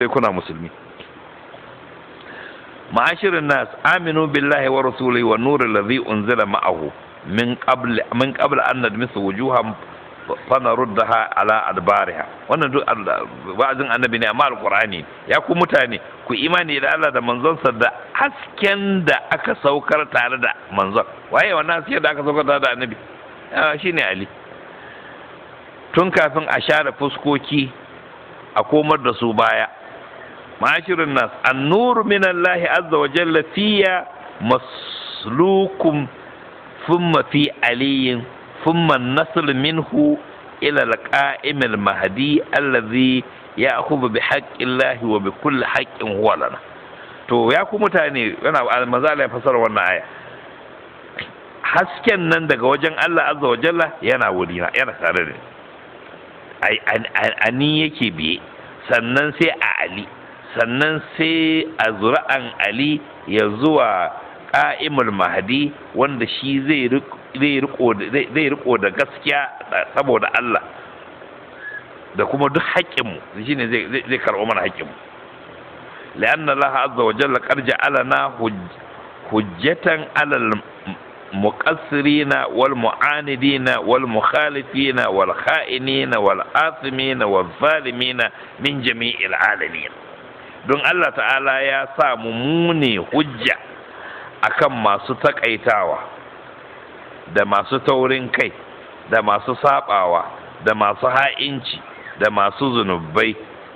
sai kuna musulmi ma'ashirin nas aminu billahi wa rasulihi wa nuri allazi unzila ma'ahu min qabl min qabl an nadmisu wujuham fanaruddaha ala adbariha wannan duk wa'azin annabi ne amma alqur'ani ya ku mutane ku imani da Allah da manzonsa da hasken da aka saukar tare da manzon waye wannan hasken da aka saukar tare da annabi shine ali tun kafin a share fuskoki a komar da su baya ma'ashirin nas annur min lahi azza wa jalla fiya maslukun thumma fi aliyin thumma nasl minhu ila alqa'im almahdi alladhi ya'khudhu bi haqqi lahi wa bi kulli haqqin huwa to ya ku mutane yana mazala ya fasara wannan aya hasken nan daga wajen Allah azza wa jalla yana wurina yana tare da ni ani yake biye sannan sai a ali sannan sai a zura'an ali ya zuwa ƙa'imul mahadi wanda shi zai riko da gaskiya saboda Allah da kuma duk haƙƙinmu shi ne zai karɓo mana haƙƙinmu la'an laha azza wa jalla qad na hujjatan alal muƙasirina wal mu'anidina wal mukhalifina wal kha'inina wal athimina wal zalimina min jami'il alamin don Allah ta'ala ya sa mu mummune hujja akan masu takaitawa da masu taurin kai da masu sabawa da masu ha'inci da masu zunubai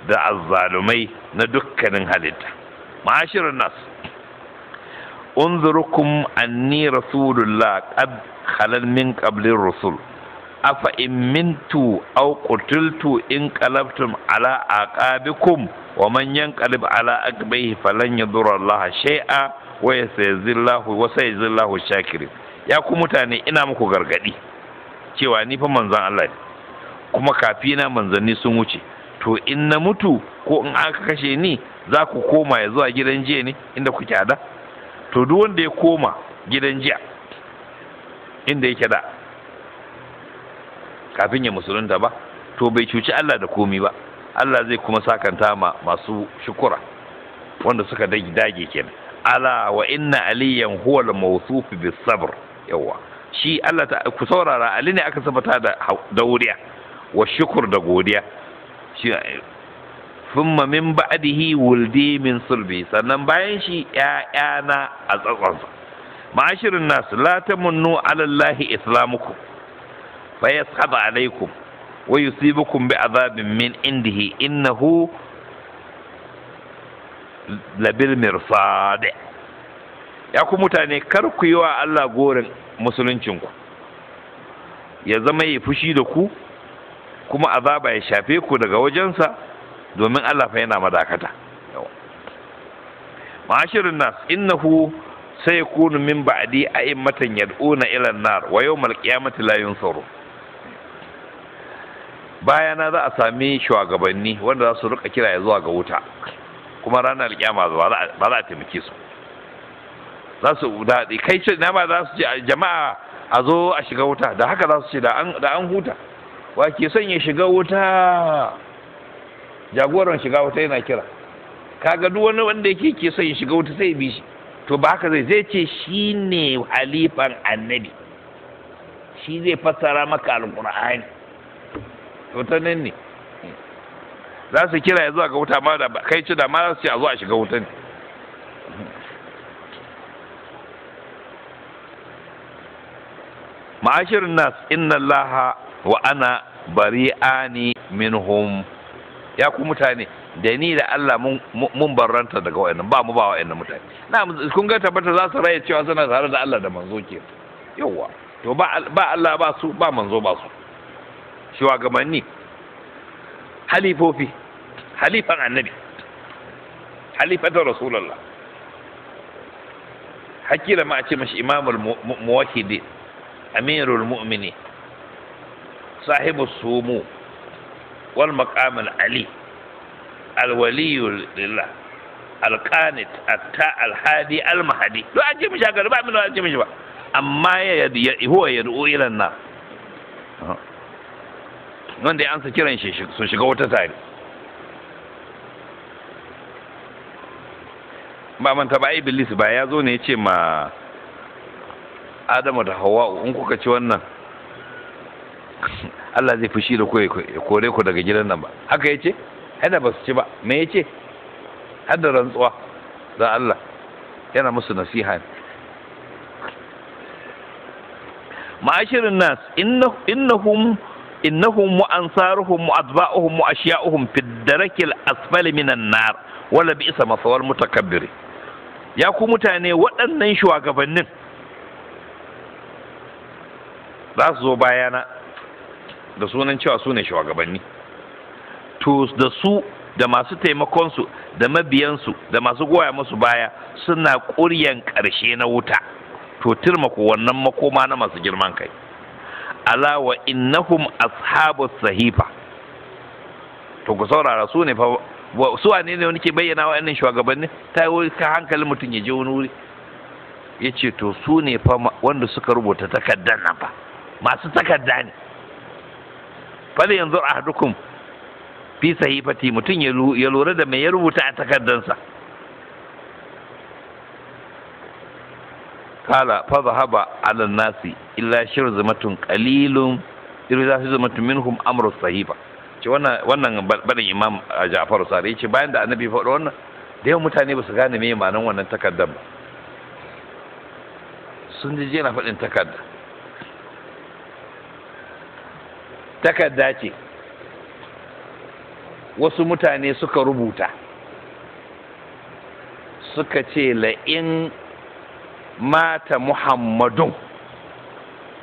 da azzalumai na dukkanin halitta ma'ashirin nas unzurukum anni rasulullah qad khalal min qablir rusul afa in mintu aw qutiltu in qalabtum ala aqabikum wa man yanqalib ala aqbayhi falan yadurra Allah shay'a wa yasayzillahu wa sayzillahu shakirin ya ku mutane ina muku gargadi cewa ni fa manzon Allah ne kuma kafina manzanni sun wuce to in na mutu ko in aka kashe ni za ku koma ya zuwa gidan jiya ne inda kuke da to duk wanda ya koma gidan jiya inda yake da kafin ya musulunta ba to bai cuci Allah da komi ba Allah zai kuma sakanta ma masu shukura wanda suka dage kenan ala wa inna aliyan huwa al-mawsuf bis sabr yawa shi Allah ta ku saurara ali ne aka sabata da dauriya wa shukur da godiya shi thumma min ba'dihi wuldi min sulbi sannan bayan shi ƴaƴana a tsatsansa ma'ashirin nas la tamunnu ala allahi islamukum Fayas yasaba alaikum wa yusibukum bi azabin min indihi hu? labil mirsad ya ku mutane kar ku yi wa Allah gorin musuluncinku ya zama ya fushi da ku kuma azaba ya shafe ku daga wajensa domin Allah fa yana madakata ma'ashirin nas innahu sai kunu min ba'di a'immatan yad'una ila an-nar wa yawmal qiyamati la sauro. bayana za a sami shugabanni wanda za su rika kira ya zuwa ga wuta kuma ranar kyama ba za a taimake su za su daɗi kai ce na ba za su ce jama'a a zo a shiga wuta da haka za su ce da an huta wa ke son ya shiga wuta jagoran shiga wuta yana kira kaga duk wani wanda yake ke son ya shiga wuta sai bi shi to ba haka zai zai ce shi ne halifan annabi shi zai fassara maka alƙur'ani wata nan ne za su kira ya zuwa ga wuta ma da kai ci da ma za su ci a zuwa shiga wuta ne ma'ashirin nas inna Laha wa ana bari'ani minhum ya ku mutane da ni da Allah mun barranta daga wa'annan ba mu ba wa'annan mutane na kun ga tabbata za su raye cewa suna tare da Allah da manzo ke yawa to ba Allah ba su ba manzo ba su shugabanni halifofi halifan annabi halifatar rasulullah hakila ma a ce mashi imamul muwahhidin amirul mu'mini sahibu sumu wal maqamul ali alwaliyul lillah alqanit atta alhadi almahdi do an ce mishi haka ba min an ce mishi ba amma ya huwa yad'u ila an-nar wanda ya ansa kiran shi su shiga wata tare ba manta ba iblis ba ya zo ne ya ce ma adamu da hawa'u in kuka ci wannan Allah zai fushi da kore ku daga gidan nan ba haka ya hada ba ci ba me ya hada rantsuwa don Allah yana musu nasiha ma'ashirin nas innahum innahum wa ansaruhum wa adba'uhum wa ashiya'uhum fi darakil asfali minan nar wala bi'sa masawal mutakabbiri ya ku mutane waɗannan shugabannin za su zo bayana da sunan cewa su ne shugabanni to da su da masu taimakonsu da mabiyansu da masu goya musu baya suna ƙuryan ƙarshe na wuta to turma ko wannan makoma na masu girman kai ala wa innahum ashabu sahifa to ku saurara su ne fa wa su wane ne wani ke bayyana wa annan shugabanni ta yi ka hankalin mutum ya je wani wuri ya ce to su ne fa wanda suka rubuta takardar nan fa masu takarda ne fali yanzu ahadukum fi sahifati mutum ya lura da mai ya rubuta a takardansa kala fa haba alal nasi illa shirzumatun qalilun irza shirzumatun minhum amru sahiba ce wannan wannan barin imam Ja'far Sare ce bayan da annabi faɗo wannan da yawan mutane ba su gane me ma'anar wannan takardar ba sun ji yana faɗin takarda takarda ce wasu mutane suka rubuta suka ce la'in mata muhammadun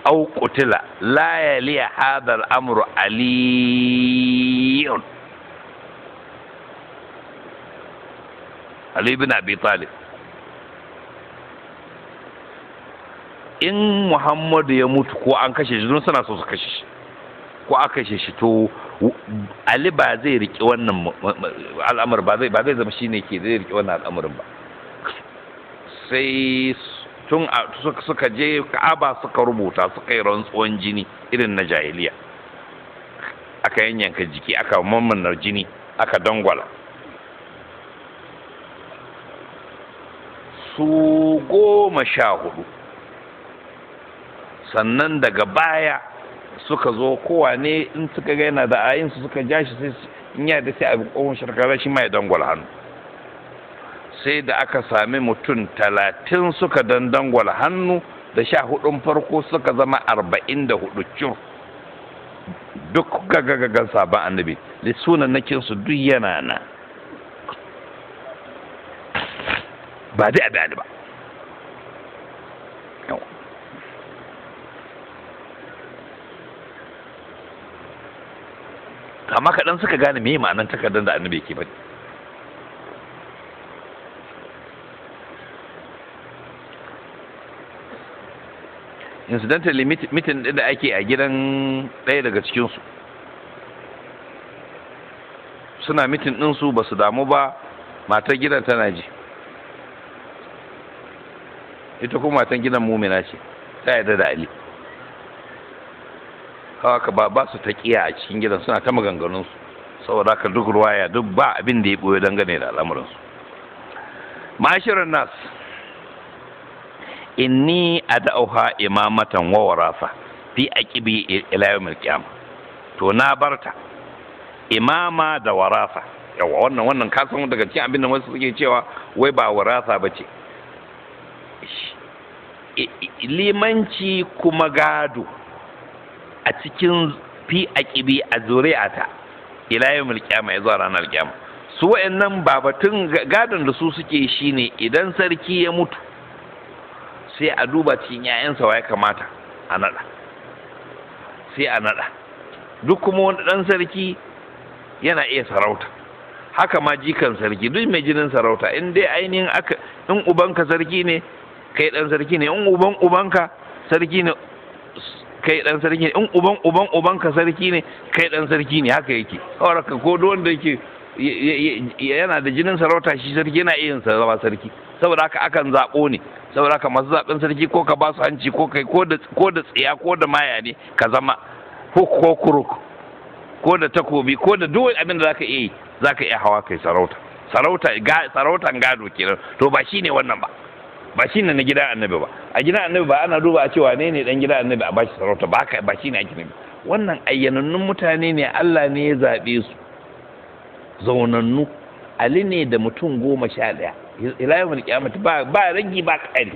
au kutila la yaliya hadal amru aliyun Ali bin Abi Talib in Muhammadu ya mutu ko an kashe shi don suna so su kashe shi ko aka kashe shi to Ali ba zai riƙe wannan al'amur ba zai ba zai zama ke zai riƙe wannan al'amurin ba sai tun suka je ka'aba suka rubuta suka yi rantsuwan jini irin na jahiliya aka yanyanka jiki aka mamman jini aka dangwala su goma sha hudu sannan daga baya suka zo kowa ne in suka gaina da ayin su suka ja sai in yada sai a bi kohon shirkara shi ma ya dangwala hannu sai da aka sami mutum talatin suka dandangwal hannu da sha hudun farko suka zama arba'in da hudu cur. duk gagagagan sabon annabi na nakinsu duk yana na ba dai a bayani ba amma kaɗan suka gane me ma'anar takardar da annabi ke ba. incidentally mitin ɗin da ake a gidan ɗaya daga cikinsu suna mitin su ba su damu ba matar gidan tana ji ita kuma matan gidan mumina ce ta yarda da ali haka ba ba su taƙiya a cikin gidan suna ta maganganunsu saboda haka duk ruwaya duk ba abin da ya ɓoye dangane da al'amuransu ma'ashirar nas inni ad'uha imamatan wa warasa fi aqibi ila yawmil qiyam to na barta imama da warasa yawa wannan wannan ka san daga cikin abin da wasu suke cewa wai ba warasa bace limanci kuma gado a cikin fi aqibi a zuri'ata ila yawmil qiyam ya zuwa ranar qiyam su wa'annan babatun gadon da su suke shine idan sarki ya mutu sai a duba cikin 'ya'yansa wa ya kamata a naɗa sai a naɗa duk kuma wani ɗan sarki yana iya sarauta haka ma jikan sarki duk mai jinin sarauta in dai ainihin aka in ubanka sarki ne kai ɗan sarki ne in uban ubanka sarki ne kai ɗan sarki ne in uban uban ubanka sarki ne kai ɗan sarki ne haka yake saboda ko wanda yake yana da jinin sarauta shi sarki yana iya sarauta sarki saboda haka akan zaɓo ne saboda haka masu zaɓen sarki ko ka ba su hanci ko kai ko da tsiya ko da maya ne ka zama huk ko kuruk ko da takobi ko da duk abin da zaka iya yi zaka iya hawa kai sarauta sarauta sarautan gado kenan to ba shine wannan ba ba shine na gidan annabi ba a gidan annabi ba ana duba a cewa ne ne dan gidan annabi a bashi sarauta ba ka ba shine ake nabi wannan ayyanannun mutane ne Allah ne ya zabe su zaunannu Ali ne da mutum goma sha daya. ila yawmul qiyamati ba ba ba ƙari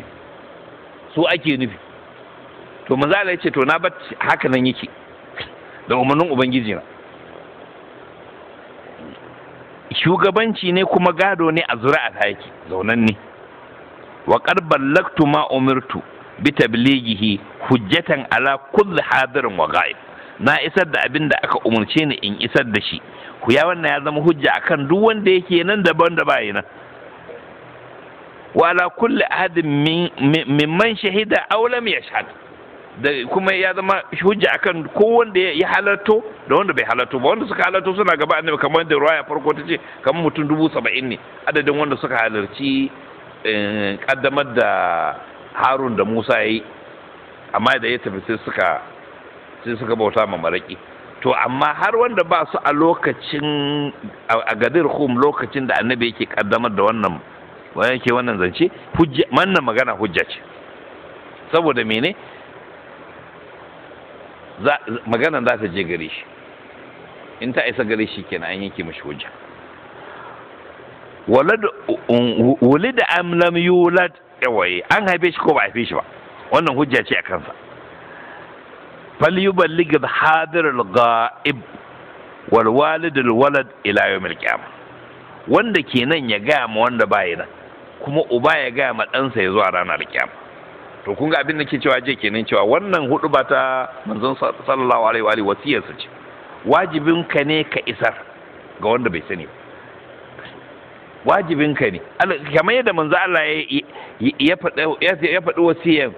su ake nufi to manzo Allah yace to na bat haka nan yake da umarnin ubangiji na shugabanci ne kuma gado ne a zuri'a ta yake zaunan ne wa qad ballagtu ma umirtu bi tablighihi hujjatan ala kulli hadirin wa ghaib na isar da abin da aka umarce ni in isar da shi ku ya wannan ya zama hujja akan duk wanda yake nan daban da bayi nan Wala kulle kulli ahadin mimman shahida aw lam yashhad da kuma ya zama hujja akan ko wanda ya halarto da wanda bai halarto ba wanda suka halarto suna gaba annabi kamar da ruwaya farko ta ce kamar mutum dubu saba'in ne adadin wanda suka halarci kaddamar da harun da musa ya yi amma da ya tafi sai suka sai suka bauta ma maraki to amma har wanda ba su a lokacin a gadir hum lokacin da annabi yake kaddamar da wannan wa yake wannan zance hujja manna magana hujja ce saboda mene magana za ta je gare shi in ta isa gare shi kenan an yake mashi hujja wulid um, am lam yulad yawaye an haife shi ko ba haife shi ba wannan hujja ce a kansa فليبلغ الحاضر الغائب والوالد الولد ila يوم القيامه wanda ke nan ya gaya ma wanda baya nan kuma uba ya gaya ma ɗansa ya zuwa ranar kiyama to kun ga abin da ke cewa je kenan cewa wannan hudu ba ta manzon sallallahu alaihi wa alihi su ce wajibin ka ne ka isar ga wanda bai sani wajibin ka ne kamar yadda manzo Allah ya ya faɗi wasiyar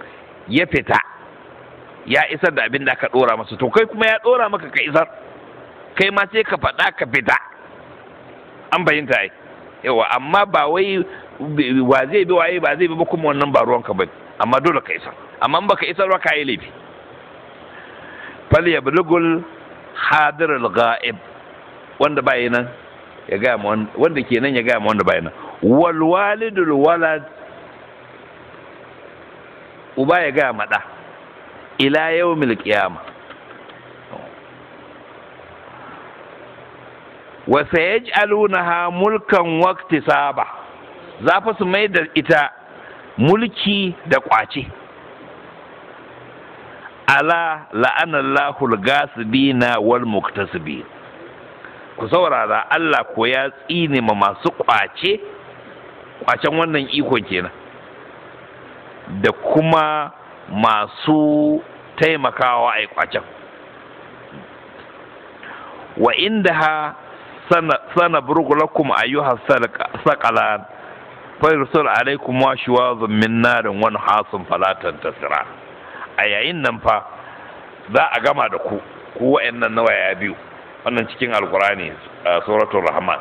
ya fita ya isar da abin da ka ɗora masa to kai kuma ya ɗora maka ka isar kai ma sai ka faɗa ka fita an bayyanta ai yawa amma ba wai wa zai bi waye ba zai bi ba kuma wannan ba ruwanka ba amma dole ka isar amma in baka isar ba ka yi laifi fal bulugul hadir al ghaib wanda ba nan ya ga mu wanda ke nan ya ga mu wanda ba nan wal walidul walad uba ya ga mada ila yawmil qiyamah wa sayaj'alunaha mulkan waqtisaba za fa su mai da ita mulki da ƙwace ala la'anallahul gasibina wal muktasibi ku saurara Allah ko ya tsine ma masu kwace ƙwacen wannan ikon kenan da kuma masu taimakawa a ƙwacen wa inda ha sana burgulakum ayyuhas saqalan fayarsul alaikum wa shiwazun minna da wani hasun falatan tasira a yayin nan fa za a gama da ku ku wa'annan nawa ya biyu wannan cikin alkurani a suratul rahman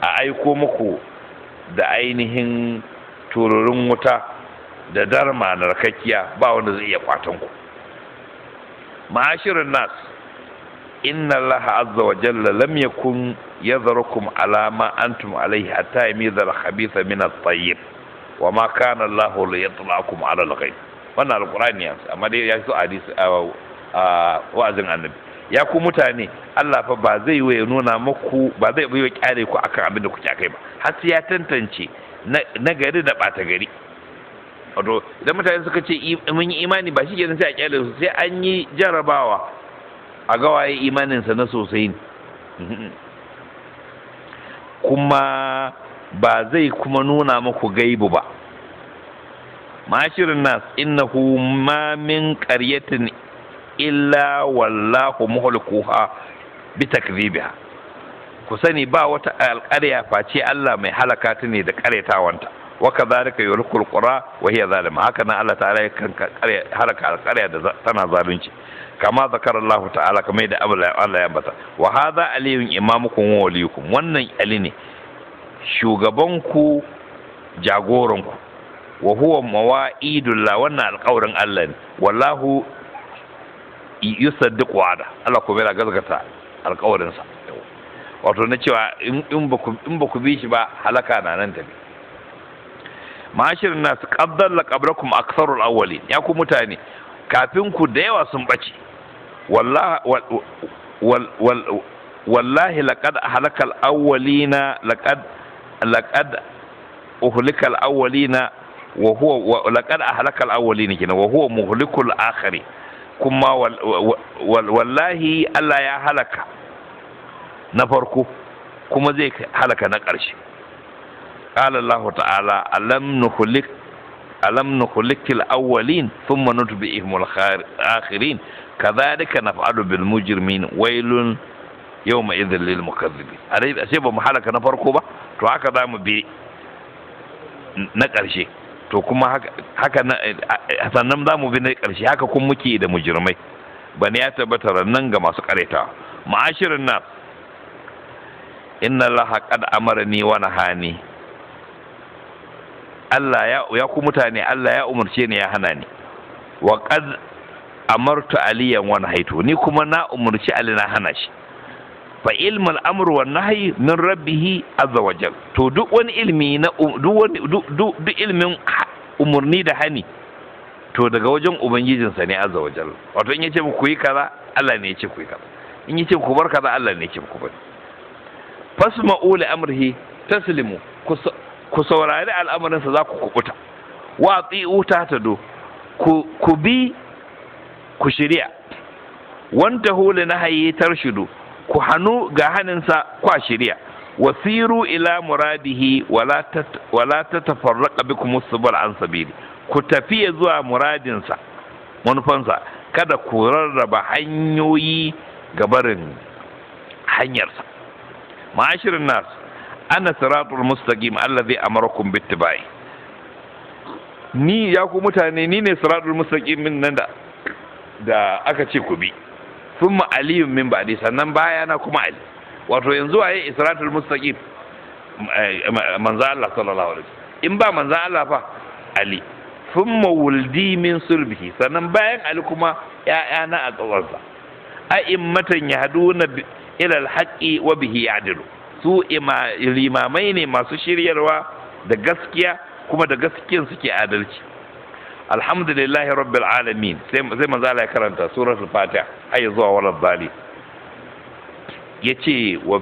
a aiko muku da ainihin tururin wuta da darma na rakakkiya ba wanda zai iya kwatan ku ma'ashirin nas inna allaha azza wa jalla lam yakun yadharukum ala ma antum alayhi hatta yamiza al-khabitha min at wa ma kana Allah li yatla'akum ala al-ghaib wannan amma dai ya so hadisi a wa'azin annabi ya ku mutane Allah fa ba zai yi nuna muku ba zai yi kyare ku akan abin da kuke akai ba har sai ya tantance na gari da bata gari wato idan mutane suka ce mun yi imani bashi, shi kenan sai a kyale su sai an yi jarrabawa. a gawaye imaninsa na sosai ne kuma ba zai kuma nuna muku gaibu ba mashirin nas innahu ma min qaryatin illa wallahu muhlikuha bi takdhibiha ku sani ba wata alƙarya face Allah mai halaka ta ne da ƙaryatawanta, wa kadhalika yulqul qura wa hiya zalima haka nan Allah ta'ala yakan halaka alƙarya da tana zalunci kama zakar Allah ta'ala kamar da Allah ya bata wa hadha aliyun imamukum wa waliyukum wannan ali ne shugabanku jagoranku wa huwa mawa'idullah wannan alƙawarin Allah ne wallahu yusaddiqu wa'ada Allah ko bai gazgata alƙawarin sa wato na cewa in ba ku in ba ku bi shi ba halaka na nan tafi ma'ashirin nas qaddalla a aktharul awwalin ya ku mutane kafin ku da yawa sun bace والله وال وال وال والله لقد أهلك الأولين لقد لقد أهلك الأولين وهو لقد أهلك الأولين كنا وهو مهلك الآخرين كما وال وال والله ألا na farko kuma zai halaka na قال الله تعالى ألم نخلق ألم نخلق الأولين ثم نتبئهم الآخرين kadhalika naf'alu bil mujrimin wailun yawma idhil lil mukaththibin alai sai ba mu na farko ba to haka za mu bi na ƙarshe to kuma haka sannan mu bi na ƙarshe haka kun muke da mujirmai bani ya tabbatar nan ga masu ƙareta ma'ashirin nan inna laha qad amarni wa nahani Allah ya mutane Allah ya umarce ni ya hana ni wa amartu aliyan wani haitu ni kuma na umarci ali na hana shi fa ilmul amr wa nahyi min rabbihi azza wajal to duk wani ilmi na duk ilmin umurni da hani to daga wajen sa ne azza wajal wato in yace ku yi kaza Allah ne yace ku yi kaza in yace ku bar kaza Allah ne yace ku bar fasma uli amrihi taslimu ku saurari al'amarin sa za ku kubuta wa tsi'u ta tado ku bi ku shirya wanta huli na hayi tarshidu ku hannu ga haninsa kwa shirya wasiru ila muradihi wala ta tafarraqa bikum subul an sabili ku tafiya zuwa muradinsa manufansa kada ku rarraba hanyoyi ga barin hanyarsa ma'ashirin nas ana siratul mustaqim allazi amarakum bittibai ni ya ku mutane ni ne siratul mustaqim min nan da da aka ce ku bi sun ma'aliyun min ne sannan bayana kuma ali wato yanzu waye isratul mustaqim eh, Manza Allah sallallahu alaihi wasallam in ba manza Allah fa ali Sun wuldi min sulbihi sannan bayan ali kuma na a tsawonsa a'immatan na ilal haƙi wa bihi ya dilo su limamai ne masu shiryarwa da gaskiya kuma da gaskiyan suke adalci alhamdulillah rabbil alamin sai manzo Allah ya karanta suratul fatiha ai zuwa walal zali. yace wa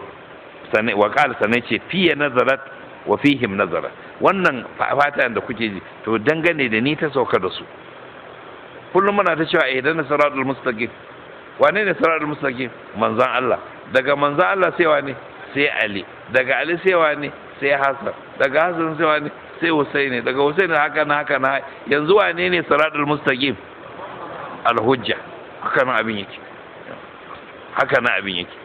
sanai wa qala sanai ce fiye nazarat wa fihim nazara wannan fata da kuke ji to dangane da ni ta sauka da su kullum muna ta cewa idan na siratul mustaqim wane ne siratul mustaqim manzon Allah daga manzon Allah sai wane sai Ali daga Ali sai wane sai Hassan daga Hassan sai wane sai husaini daga husaini haka na haka na yanzu wane ne siratul mustaqim alhujja haka na abin yake haka na abin yake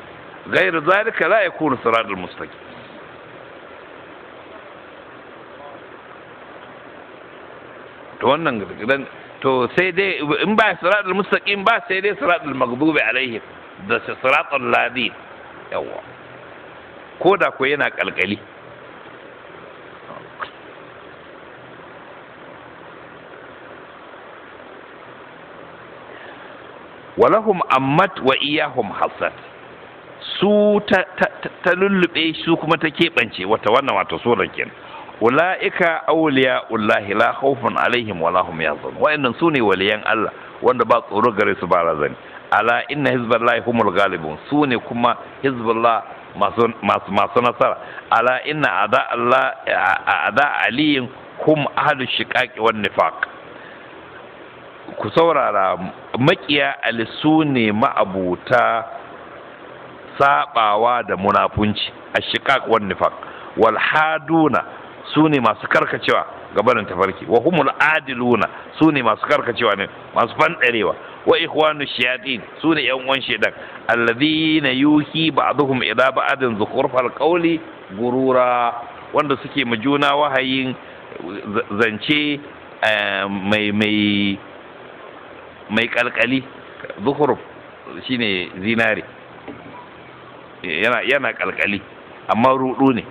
gairu zalika la yakunu siratul mustaqim to wannan gidan to sai dai in ba siratul mustaqim ba sai dai siratul maghdubi alaihim da siratul ladin yawa ko da ko yana kalkali walahum ammat wa iyahum hasad su ta lullube su kuma ta keɓance wata wannan wata surar kenan ula'ika awliya ullahi la khawfun alaihim wa lahum yahzanun wa'annan sune waliyan Allah wanda ba tsoro gare su ba razani ala inna hizballahi humul ghalibun sune kuma hizballah masu masu nasara ala inna ada Allah ada aliyin hum ahlu shiqaqi wan nifaq ku saurara makiya alisu ne ma'abuta sabawa da munafunci a shikak wan nifaq wal haduna su masu karkacewa gabanin tafarki wa humul adiluna su masu karkacewa ne masu fandarewa wa ikhwanu shayatin su ne yan uwan shedan alladhina yuhi ba'dhum ila ba'din zukhrufal qawli gurura wanda suke ma juna wahayin zance eh, mai mai mai kalkali zuhuruf shine zinare yana yana kalkali amma rudu ne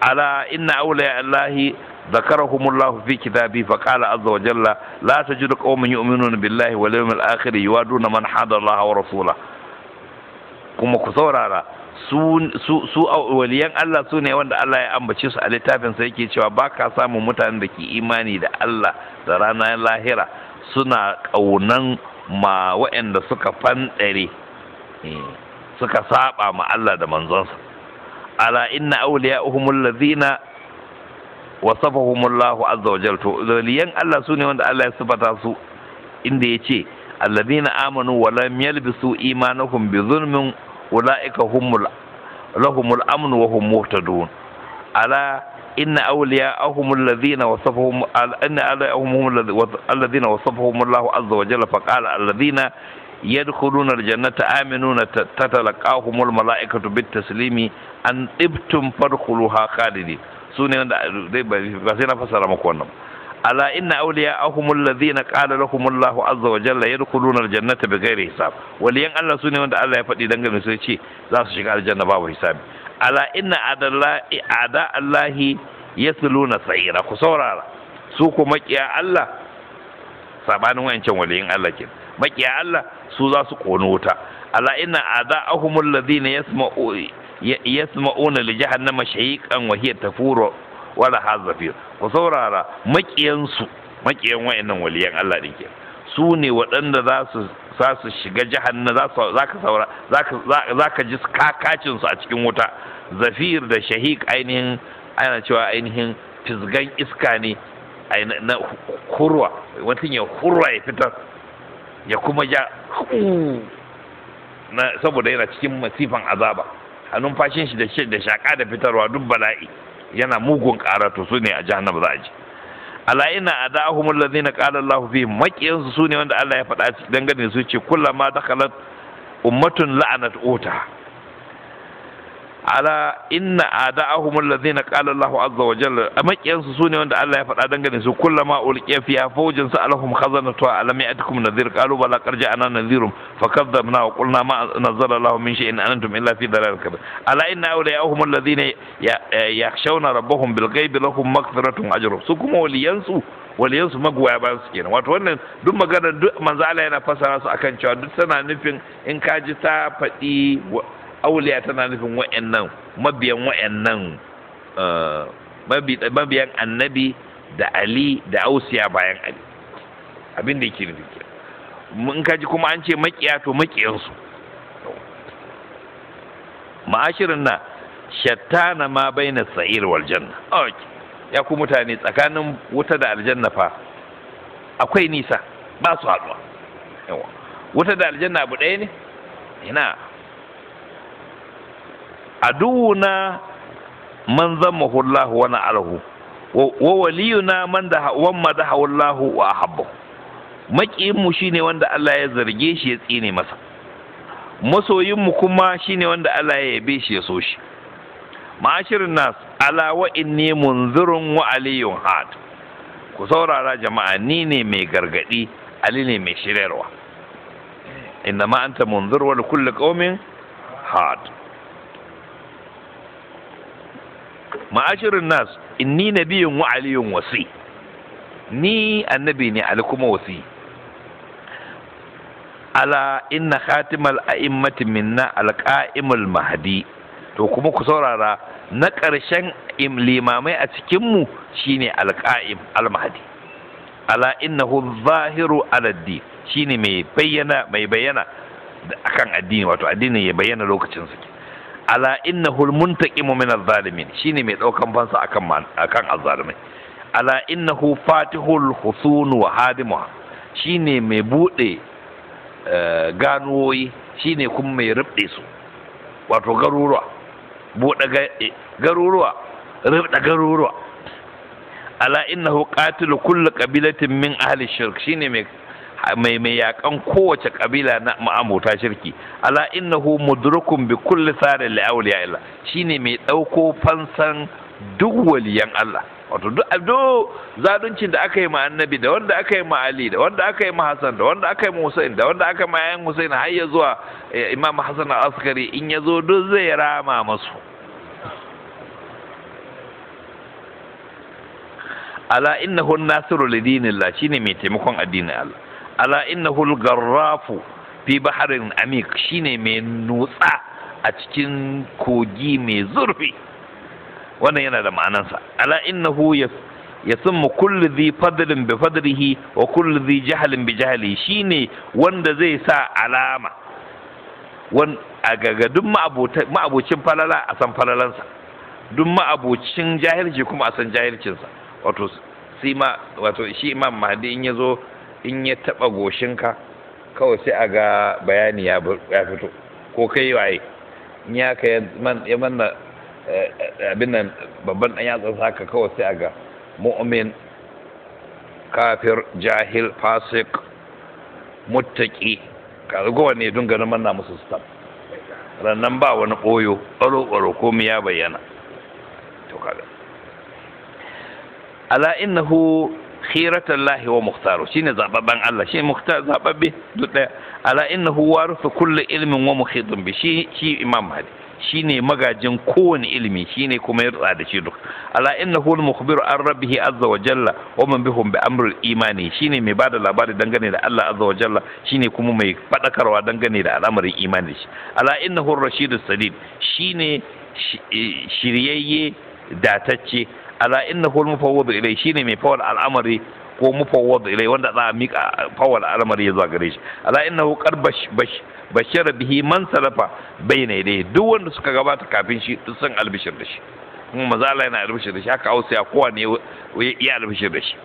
ala inna awliya allahi fa الله في كتابه فقال عز وجل لا تجد قوم يؤمنون بالله واليوم الآخر يوادون من wa rasula kuma ku saurara su waliyan Allah su ne wanda Allah ya ambace su a littafin sa yake cewa baka samu samun mutanen da ke imani da Allah da ranar lahira suna ƙaunan ma waɗanda suka fanɗare eh, suka saba ma Allah da manzonsa ala inna awliya'uhumul ladhina wasafahumullahu azza wa jalla to zaliyan Allah sune wanda Allah ya sifata su inda yace alladhina amanu wa lam yalbisu imanahum bi zulmin ulaika humul lahumul amnu wa hum muhtadun ala إن أولياءهم الذين وصفهم إن أولياءهم هم الذين وصفهم الله عز وجل فقال الذين يدخلون الجنة آمنون تتلقاهم الملائكة بالتسليم أن طبتم فادخلوها خالدين سوني ba sai na fassara muku wannan ala inna awliya'ahum alladhina qala lahum Allahu azza wa jalla yadkhuluna aljannata bighairi hisab waliyan Allah sune wanda Allah ya faɗi dangane su ce za su shiga aljanna babu hisabi ala inna ada allahi yasluna sa'ira ku saurara su ku makiya Allah sabanin wayancan waliyin Allah ke. makiya Allah su za su kono wuta ala inna ada ahumul ladina yasma'u yasma'una li jahannama shayiqan wa hiya tafuru la hazafir ku saurara makiyan su makiyan wayannan waliyan Allah din ke su ne waɗanda za su za su shiga jahanna za ka ji kakacinsu a cikin wuta zafir da shahik ainihin ana cewa ainihin fisgan iska ne na hurwa wata ya hurwa ya fitar ya kuma ja saboda yana cikin masifan azaba a numfashin shi da shaƙa da fitarwa duk bala'i yana mugun ƙara su ne a jahannama za a ji ala ina adahum allazina qala Allah fi su sune wanda Allah ya faɗa dangane su ce kullama dakhalat ummatun la'anat ota. ala inna ada'ahum alladhina qala Allah azza wa jalla su sune wanda Allah ya faɗa dangane su kullama ulqiya fiha sa alahum khazanatu alam ya'tikum nadhir qalu bala qarja ana nadhirum fakadzabna wa qulna ma nazzala Allah min shay'in antum illa fi dalal kabir ala inna awliya'ahum alladhina yakhshawna rabbahum bil ghaibi lahum maghfiratun ajrun su kuma waliyan su magoya ba su kenan wato wannan duk magana duk manzo Allah yana fassara su akan cewa duk tana nufin in ka ji ta faɗi auliya tana nufin wa'annan mabiyan wa'annan eh, mabiyan annabi da ali da ausiya bayan ali abin da yake nufi in ka ji kuma an ce makiya to makiyansu ma'ashirin na shattana ma bai na sa'ir wal janna ya ku mutane tsakanin wuta da aljanna fa akwai nisa ba su haɗuwa wuta da aljanna abu ɗaya ne ina aduwuna man zammahu Allah wa na'alahu wa waliyuna man da wamma da hawallahu wa habbu. makiyin mu shine wanda Allah ya zarge shi ya tsine masa masoyin mu kuma shine wanda Allah ya yabe shi ya so shi ma'ashirin nas ala wa inni munzirun wa aliyun had ku saurara jama'a ni ne mai gargadi ali ne mai shirarwa inna ma anta munzir wa kulli qaumin had ma'ashirin nas inni nabiyun wa aliyun wasi ni annabi ne ali kuma wasi ala inna khatimal a'immati minna alqa'imul mahdi to kuma ku saurara na ƙarshen limamai a cikinmu shine alqa'im al-mahdi ala innahu zahiru aladdi shine mai bayyana mai bayyana akan addini wato addini ya bayyana lokacin sa ala innahu almuntaqimu min adh-dhalimin shine mai ɗaukan fansa akan akan azzalimai ala hu fatihul husunu wa hadimuha shine mai buɗe eh, ganuwoyi shine kuma mai rubde su wato garuruwa Buɗe eh, garuruwa rubda garuruwa ala hu ƙatilu kulle ƙabilatin min ahli shirk shine mai mai mai yakan kowace kabila na ma'amuta shirki ala innahu mudurukun bi kulli sarin li awliya illa shine mai dauko fansan duk waliyan Allah wato duk abdo zaluncin da aka yi ma annabi da wanda aka yi ma ali da wanda aka yi ma hasan da wanda aka yi ma husain da wanda aka yi ma yan husain har ya zuwa eh, imam hasan al-askari in ya zo duk zai rama masu ala innahu nasiru lidinillah shine mai taimakon addinin Allah ala innahul garrafu fi baharin amik shine mai nutsa a cikin kogi mai zurfi wannan yana da ma'anansa ala innahu yasummu kulli zai fadlin bi fadlihi wa kulli dhi jahlin bi shi shine wanda zai sa alama wan a gaga duk ma'abocin falala a san falalansa duk ma'abocin jahilci kuma a san jahilcinsa wato shi ma wato shi imam mahdi in zo in ya taɓa goshinka kawai sai a ga bayani ya fito ko kai waye in ya ka ya manna eh, eh, abin nan babban ɗan yatsa haka kawai sai a ga mu'min kafir jahil fasik muttaki ka zuwa ne don ganin manna musu stam rannan ba wani ɓoyo ɓaro-ɓaro komi ya bayyana to kaga ala innahu khiratan lahi wa mukhtaru shine zababban Allah shi mukhtar zababbe duk daya ala innahu warithu kulli ilmin wa muhitun bi shi shi imam hadi shine magajin kowane ilimi shine kuma ya rutsa da shi duk ala innahu al-mukhbiru an rabbih azza wa jalla wa man bihum bi amrul imani shine mai bada labari dangane da Allah azza wa jalla shine kuma mai fadakarwa dangane da al'amarin imani shi ala innahu ar-rashidus sadid shine eh, shiryayye datacce ala innahu al-mufawwid ilai shine mai fawal al'amari ko mufawwad ilai wanda za a mika fawal al'amari ya zuwa gare shi ala innahu qad bashara bihi man sarafa bayna yadayhi duk wanda suka gabata kafin shi duk sun albishir da shi kuma maza Allah yana albishir da shi haka hausa ya kowa ne ya albishir da shi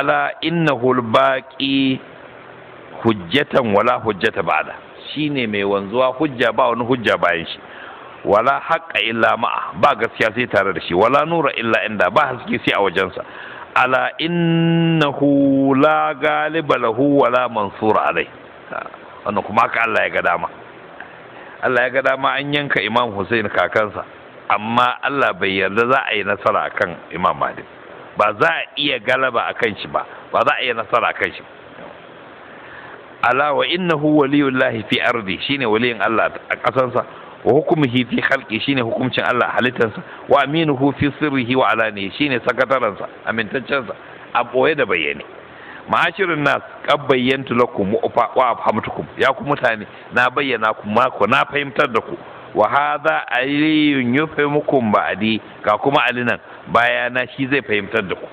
ala innahu al-baqi hujjatan wala hujjata ba'da shine mai wanzuwa hujja ba wani hujja bayan shi wala haƙa illa ma'a ba gaskiya sai tare da shi wala nura illa inda ba haske sai a wajensa ala innahu la galiba lahu wala mansura alai wannan kuma haka Allah ya ga dama Allah ya ga dama an yanka Imam Hussein kakansa amma Allah bai yarda za a yi nasara akan Imam Mahdi. ba za a iya galaba akan shi ba ba za a yi nasara akan shi ala wa innahu waliyullahi fi ardi shine waliyin Allah a kasansa wa Hifi fi khalqi shine hukuncin Allah halittarsa wa aminuhu fi sirrihi wa alani shine sakataransa amintaccensa a boye da bayyane ma'ashirin nas qad lakum wa afhamtukum ya ku mutane na bayyana ku mako na fahimtar da ku wa hadha aliyun yufhimukum ba'di ga kuma alinan bayana shi zai fahimtar da ku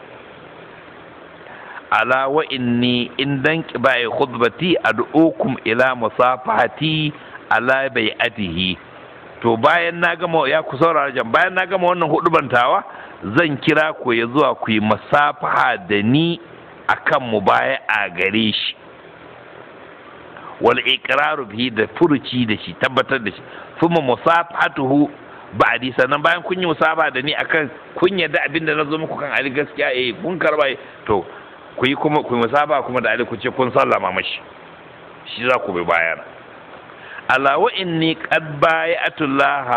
ala wa inni in dan khutbati ad'ukum ila musafahati ala bai'atihi to bayan na gama ya ku saurara jan bayan na gama wannan hudu bantawa zan kira ku ya zuwa ku yi masafaha da ni akan mu baya a gare shi wal iqraru bihi da furuci da shi tabbatar da shi thumma musafatuhu ba'di sannan bayan kun yi musafa da ni akan kun yarda abin da na zo muku kan ali gaskiya eh kun karba eh, to ku yi kuma ku yi musafa kuma da ali ku ce kun sallama mashi shi za ku bi bayana ala wa inni qad bai'atullah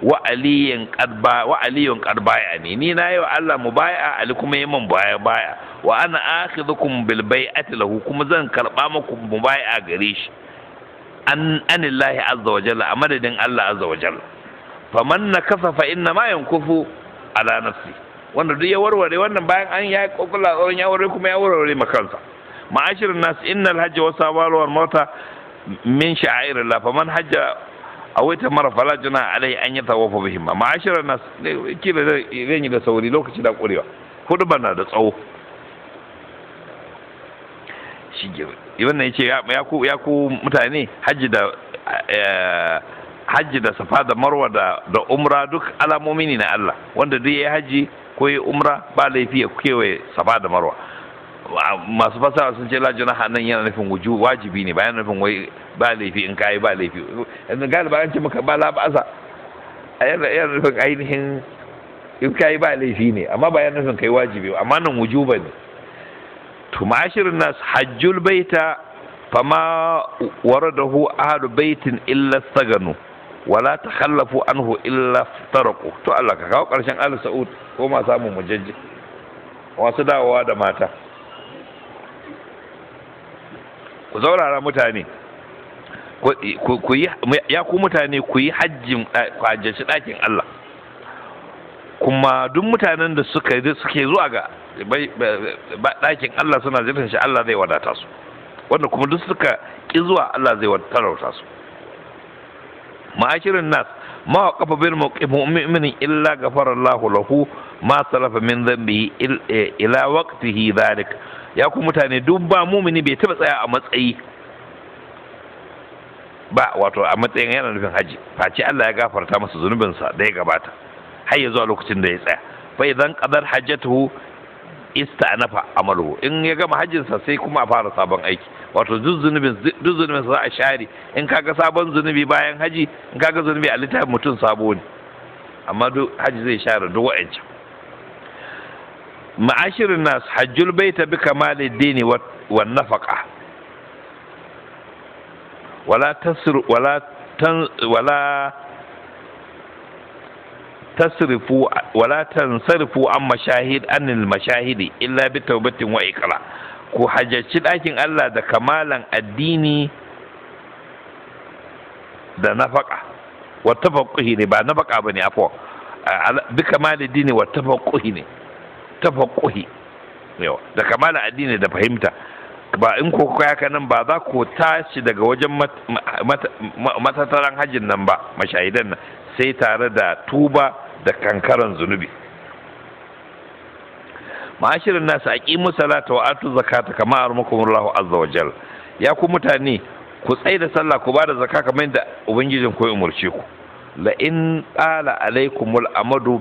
wa aliyin qad ba wa aliyun qad bai'a ni ni na yi wa Allah mu ali kuma yi baya baya wa ana akhidhukum bil bai'ati lahu kuma zan karba muku mu gare shi an anillahi azza wa jalla a madadin Allah azza wa jalla faman nakafa fa inna ma yankufu ala nafsi wanda duk ya warware wannan bayan an ya kokula tsoron ya warware kuma ya warware makansa ma'ashirin nas innal hajji wa sabalu wal mauta min sha'air Allah man hajja awai mara fala juna alai an yi tawafa bihim amma ashirar nas kila zan yi da sauri lokaci da kurewa hudu bana da tsawo shi yace ya ku ya ku mutane hajji da eh, hajji da safa da marwa da da umra duk alamomi ne na Allah wanda duk yayi hajji ko yayi umra ba laifi ya kewaye safa da marwa masu fasaha sun ce lajina hannun yana nufin wuju wajibi ne bayan nufin wai ba laifi in kayi ba laifi yanzu galiba an ce maka ba labasa ba'asa a yana nufin ainihin in kayi ba laifi ne amma bayan nufin kai wajibi amma nan wujuba ne to ma'ashirin nas hajjul baita fama waradahu ahlu baitin illa saganu wala takhallafu anhu illa taraku to Allah ka kawo karshen al sa'ud ko ma samu mujajji wasu dawowa da mata ku zaurara mutane ku yi ya ku mutane ku yi hajjin eh, hajjaci ɗakin Allah kuma duk mutanen da suka suke zuwa ga ɗakin Allah suna zirin shi Allah zai wadata su wanda kuma duk suka ƙi zuwa Allah zai wadata su ma'ashirin nas ma wa kafa bin mu'minin illa ga Allahu lahu ma salafa min zambi eh, ila waqtihi dhalik ya ku mutane duk ba mumini bai taba tsaya a matsayi ba wato a matsayin yana nufin haji face Allah ya gafarta masa zunubinsa da ya gabata har ya zuwa lokacin da ya tsaya fa idan qadar hajjatu istanafa amalu in ya gama hajjin sa sai kuma a fara sabon aiki wato duk zunubin duk zunubin sa a share in kaga sabon zunubi bayan haji in kaga zunubi a littafin mutum sabo ne amma duk haji zai share duk wa'ancan ma'ashirin الناس حج البيت bi الدين dini ولا تسر wala تن ولا ولا عن tansarifu an المشاهد الا mashahidi illa bi ku hajjaci dakin Allah da kamalan addini da nafaka. wa tafaqquhi ne ba nafaqa bane afwa bi dini wa tafaqquhi ne tafaqquhi yawa da kamala addini da fahimta ba in ko kai haka nan ba za ku tashi daga wajen matataran hajjin nan ba mashahidan nan sai tare da tuba da kankaran zunubi ma'ashirin nasu a aqimu salata wa atu zakata kama Allah azza wa jal ya ku mutane ku tsaye da sallah ku bada zakka kamar yadda ubangijin ku ya umurce ku la in qala alaikumul amadu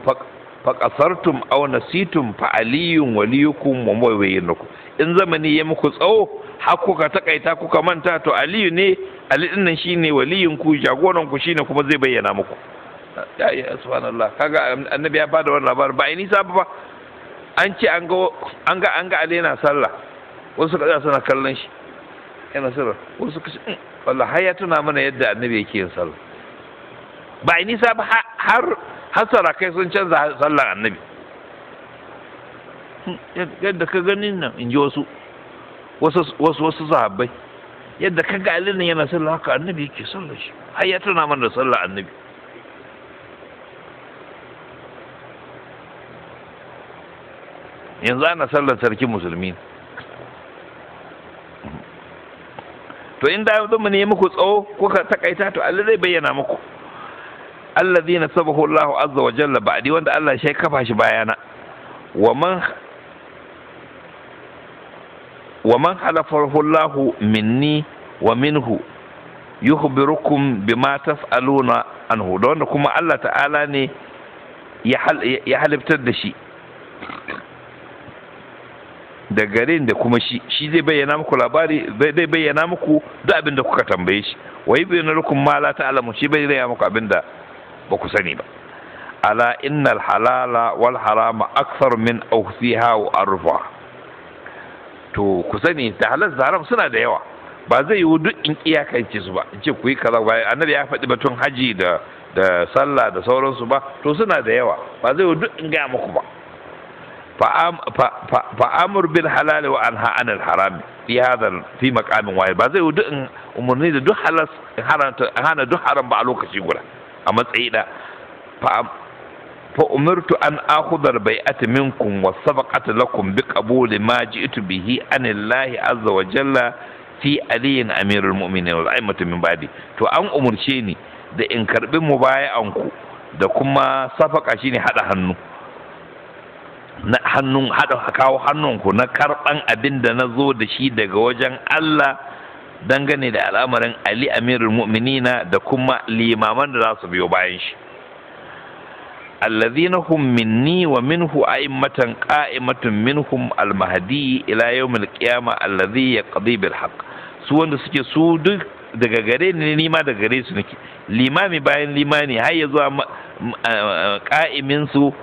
faƙasartum aw nasitum fa aliyun waliyukum wa mawayyinukum in zamani ya muku tsawo har kuka takaita kuka manta to aliyu ne ali nan shine waliyin ku jagoran ku shine kuma zai bayyana muku ya subhanallah kaga annabi ya bada wannan labarin ba ai nisa ba an ce an ga an ga an ga ali yana sallah wasu kaza suna kallon shi yana sirra wasu kashi hmm, wallahi har ya tuna mana yadda annabi yake yin sallah ba ai nisa ba har har sarakai sun canza sallar annabi yadda ka gani nan in ji wasu wasu wasu sahabbai yadda ka ga alin yana sallah haka annabi yake sallar shi har ya tana mana da sallar annabi yanzu ana sallar sarki musulmi to in da mu ne muku tsawo ko ka takaita to Allah zai bayyana muku allazi na sabahu Allah azza wa jalla ba'di wanda Allah shi kafa shi bayana wa man wa man halafahu Allah minni wa minhu yukhbirukum bima tas'aluna anhu da wanda kuma Allah ta'ala ne ya halibtar da shi da garin da kuma shi shi zai bayyana muku labari zai bayyana muku duk abin da kuka tambaye shi wa yi bayyana lakum ma la ta'lamu shi bayyana muku abin da ba ku sani ba ala innal halala wal harama aksar min awsiha wa arfa to ku sani da halal da haram suna da yawa ba zai yi duk in iyakance su ba in ce ku yi kaza ba annabi ya faɗi batun haji da da sallah da sauransu ba to suna da yawa ba zai yi duk in gaya muku ba fa'amur bil halal wa anha anil harami fi hada fi maqamin wahid ba zai yi duk in umurni da duk halal hana duk haram ba a lokaci guda a matsayi da fa umirtu an akhudha bai'ata minkum wa sabaqat lakum bi qabuli ma ji'tu bihi anillahi azza wa jalla fi aliyin amirul mu'minin wal aimatu min ba'di to an umurce ni da in karbi ku, da kuma safaka shine hada hannu na hannun hada kawo hannunku na karban abinda da na zo da shi daga wajen Allah dangane da al'amarin Ali Amirul Mu'minina da kuma limaman da za su biyo bayan shi allazina hum minni wa minhu a'immatan qa'imatun minhum al-mahdi ila al qiyama allazi yaqdi bil haqq su wanda suke su duk daga gare ni ni ma daga gare su nake limami bayan limani har ya zuwa qa'imin su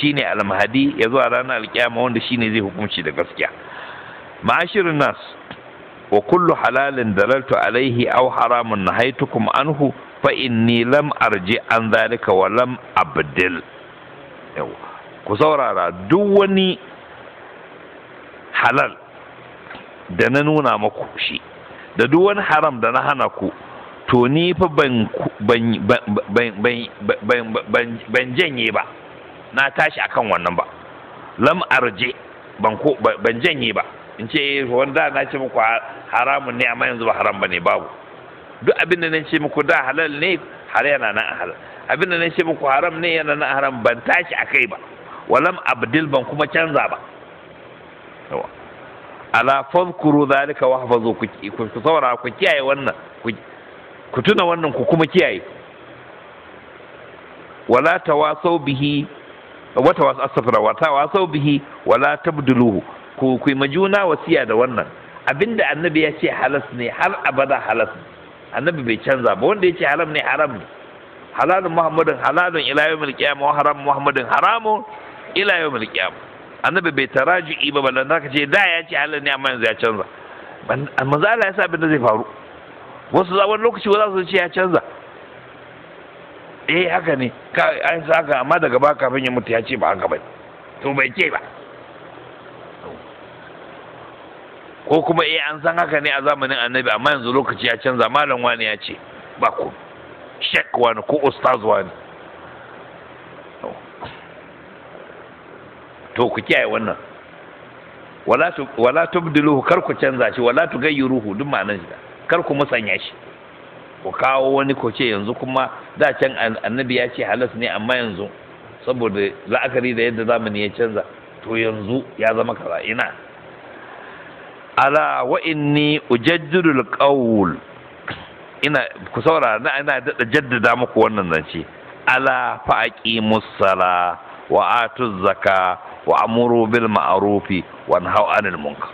shine al-mahdi ya zuwa ranar al al-qiyama wanda shine zai hukunci da gaskiya Ma'ashirun nas wa kullu halalin dalaltu alaihi aw haramun nahaitukum anhu fa inni lam arji an zalika wa lam abdil ku saurara duk wani halal da na nuna maku shi da duk wani haram da na hana ku to ni fa ban janye ba na tashi akan wannan ba lam arje ban janye ba in ce wanda na ce muku haramun ne amma yanzu ba haram ba ne babu duk abin da na ce muku da halal ne har yana nan halal abin da na ce muku haram ne yana nan haram ban tashi a kai ba walam abdil ban kuma canza ba ala fadhkuru zalika wa hafazu ku ku saurara ku kiyaye wannan ku tuna wannan ku kuma kiyaye wala tawasau bihi wa tawasau bihi wala tabduluhu ku ku ma juna wasiya da wannan abinda annabi ya ce halas ne har abada halas annabi bai canza ba wanda ya ce haram ne haram ne halalun muhammadin halalun ila yawmil qiyamah haram muhammadin haramun ila yawmil qiyamah annabi bai iba ba ballan ka ce da ya ce halal ne amma yanzu ya canza manzo Allah ya sa abin da zai faru wasu zaman lokaci ba za su ce ya canza eh haka ne an sa haka amma daga ba kafin ya mutu ya ce ba haka ba to bai ce ba ko kuma eh an san haka ne a zamanin annabi amma yanzu lokaci ya canza malam wani ya ce ba ku shek wani ko ustaz wani to ku kiyaye wannan wala tu tubdiluhu kar ku canza shi wala tu tugayyiruhu duk ma'anar shi kar ku musanya shi ku kawo wani ko ce yanzu kuma da can annabi ya ce halas ne amma yanzu saboda la'akari da yadda zamani ya canza to yanzu ya zama kaza ina ala wa inni ujaddidul qawl ina ku saura na ina da jaddada muku wannan zance ala fa aqimus sala wa atuz zaka wa amuru bil ma'rufi wa nahaw anil munkar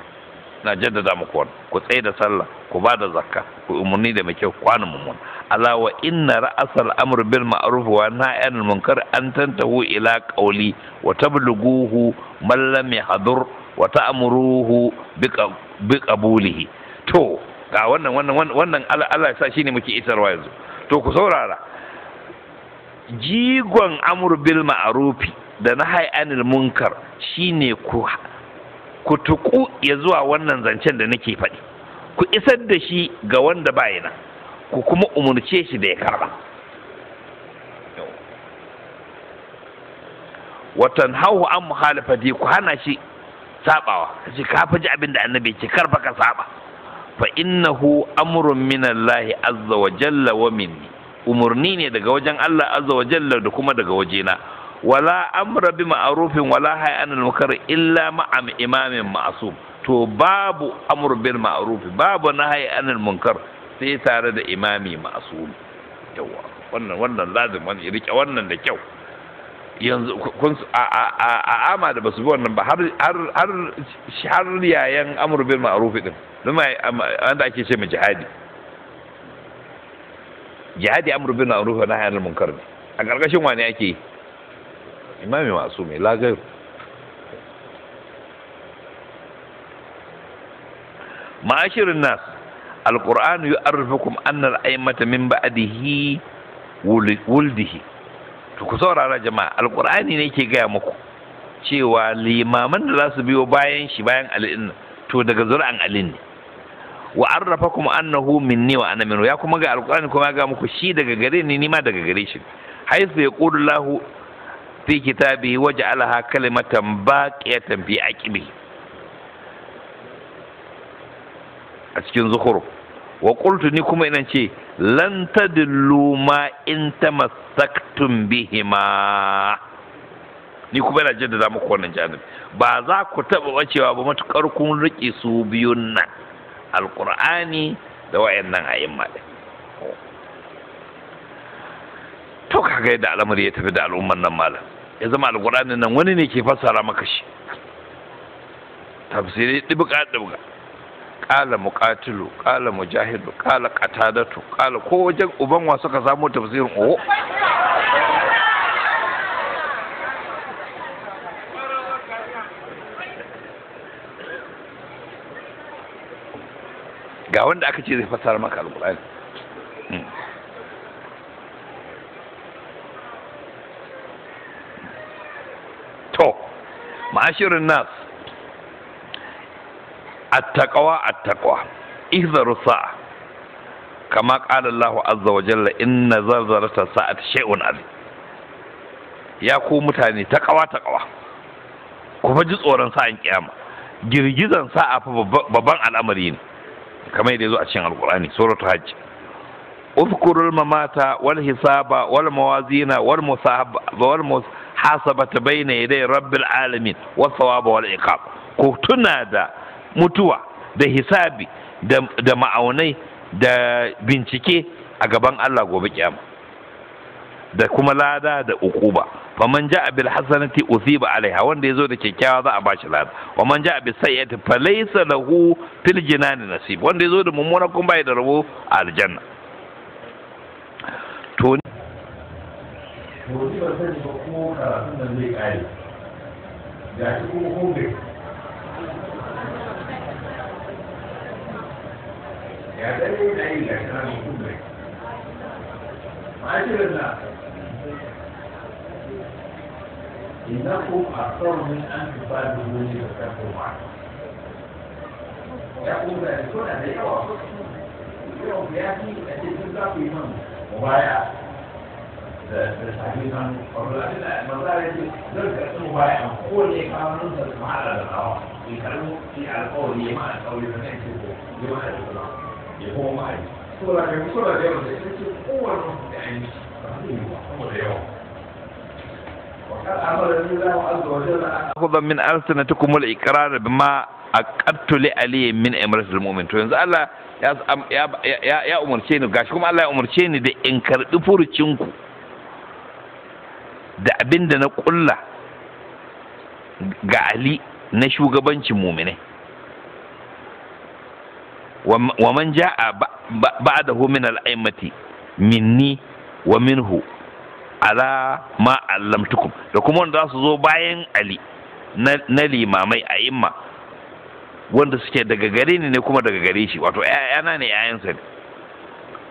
na jaddada muku ku tsaye da sallah ku ba da zakka ku umarni da mai kyau kwanan mummun ala wa inna ra'asal amru bil ma'ruf wa nahy anil munkar an tantahu ila qawli wa tablughuhu man lam yahdur wa ta'muruhu bi bi qabulihi to ga wannan wannan wannan Allah ya sa shine muke isarwa yanzu to ku saurara jigon amru bil ma'ruf da nahai anil munkar shine ku ku tuku ya zuwa wannan zancen da nake faɗi ku isar da shi ga wanda baya nan ku kuma umurce shi da ya karba watan hau an muhalafati ku hana shi sabawa kace ka ji abin da annabi ce kar ka saba fa innahu amrun min Allah azza wa jalla wa minni umurni ne daga wajen Allah azza wa jalla da kuma daga wajena wala amra bi ma'rufin wala hay'an al munkar illa ma'am imamin ma'sum to babu amru bil ma'ruf babu nahyi anil munkar sai tare da imami ma'sum yawa wannan wannan lazim wani rike wannan da kyau yanzu kun a ama da basu bi wannan ba har har har yayan amur bin ma'ruf din zama wanda ake ce mu jihadi jihadi amur bin ma'ruf na hayar munkar ne a gargashin wani ake yi imami masu mai lagaru ma'ashirin nas alqur'an yu'arrifukum annal aimata min ba'dihi wuldihi to ku saurara jama'a alkur'ani ne ke gaya muku cewa limaman da za su biyo bayan shi bayan alin to daga zura'an alin ne wa arrafa kuma annahu minni wa ana minhu ya kuma ga alkur'ani kuma ya ga muku shi daga gare ni nima daga gare shi haisu ya qulu fi kitabihi alaha kalimatan baqiyatan fi aqibi a a cikin zukhruf wa qultu ni kuma ina ce lan tadillu ma in tamassaktum bihima ni kuma ina jaddada muku wannan janibi ba za ku taba bacewa ba matukar kun rike su biyun nan alqur'ani da wayannan ayyuma din to kaga yadda al'amari ya tafi da al'umman nan malam ya zama al'ƙur'ani nan wani ne ke fassara maka shi tafsiri dibuka dibuka ƙala muƙatilu ƙala mujahidu ƙala ƙatadatu ƙala ko wajen uban wasu suka samu tafsirin o ga wanda aka ce zai fasara maka alƙur'ani hmm. to ma'ashirin nas attaqwa attaqwa ihzaru sa'a kama qala Allahu azza wa jalla inna zalzalata sa'at shay'un azim ya ku mutane taqwa taqwa ku fa ji tsoron sa'an kiyama girgizan sa'a fa babban al'amari ne kamar yadda yazo a cikin alqur'ani suratul hajj اذكروا الممات والحساب والموازين والمحاسبة بين يدي رب العالمين والثواب والعقاب ku tuna da mutuwa da hisabi da ma'aunai da bincike a gaban Allah gobe kyamu da kuma lada da ukuba man ja bil hasanati usiba alaiha wanda yazo da kyakkyawa za a bashi lada wa man ja'a bis sayyi'ati falaysa lahu fil jinani nasib wanda yazo da mummuna kun bai da rabo a aljanna to ne اعدادي العيلة عشان انا موجود لك معاشر إنكم أكثر من أن تبادلوني وتكفوا معي يقول ذلكم لدي وقت يوم يأتي أجد تقييما مبايعة تقييما قبل أن المزارع ذلك المبايعة هو اللي كان ننزل معنا للأرواح يتكلموا في القول لما القول لما يكتبوا لما يكتبوا ya kuma ma'aikata saboda ta yi da da ita ce kowane da aiki ba zai yi أخذ من ألسنتكم الإقرار بما لعلي من إمرة المؤمن to yanzu Allah ya umarce ni gashi kuma Allah ya umarce ni da in karɓi furucinku da abin da na ƙulla ga Ali na shugabancin muminai wa man ja'a ba'dahu min al-a'immati minni wa minhu ala ma allamtukum da kuma wanda za su zo bayan ali na limamai a wanda suke daga gare ni ne kuma daga gare shi wato ‘ya'yana ne ‘ya'yansa ne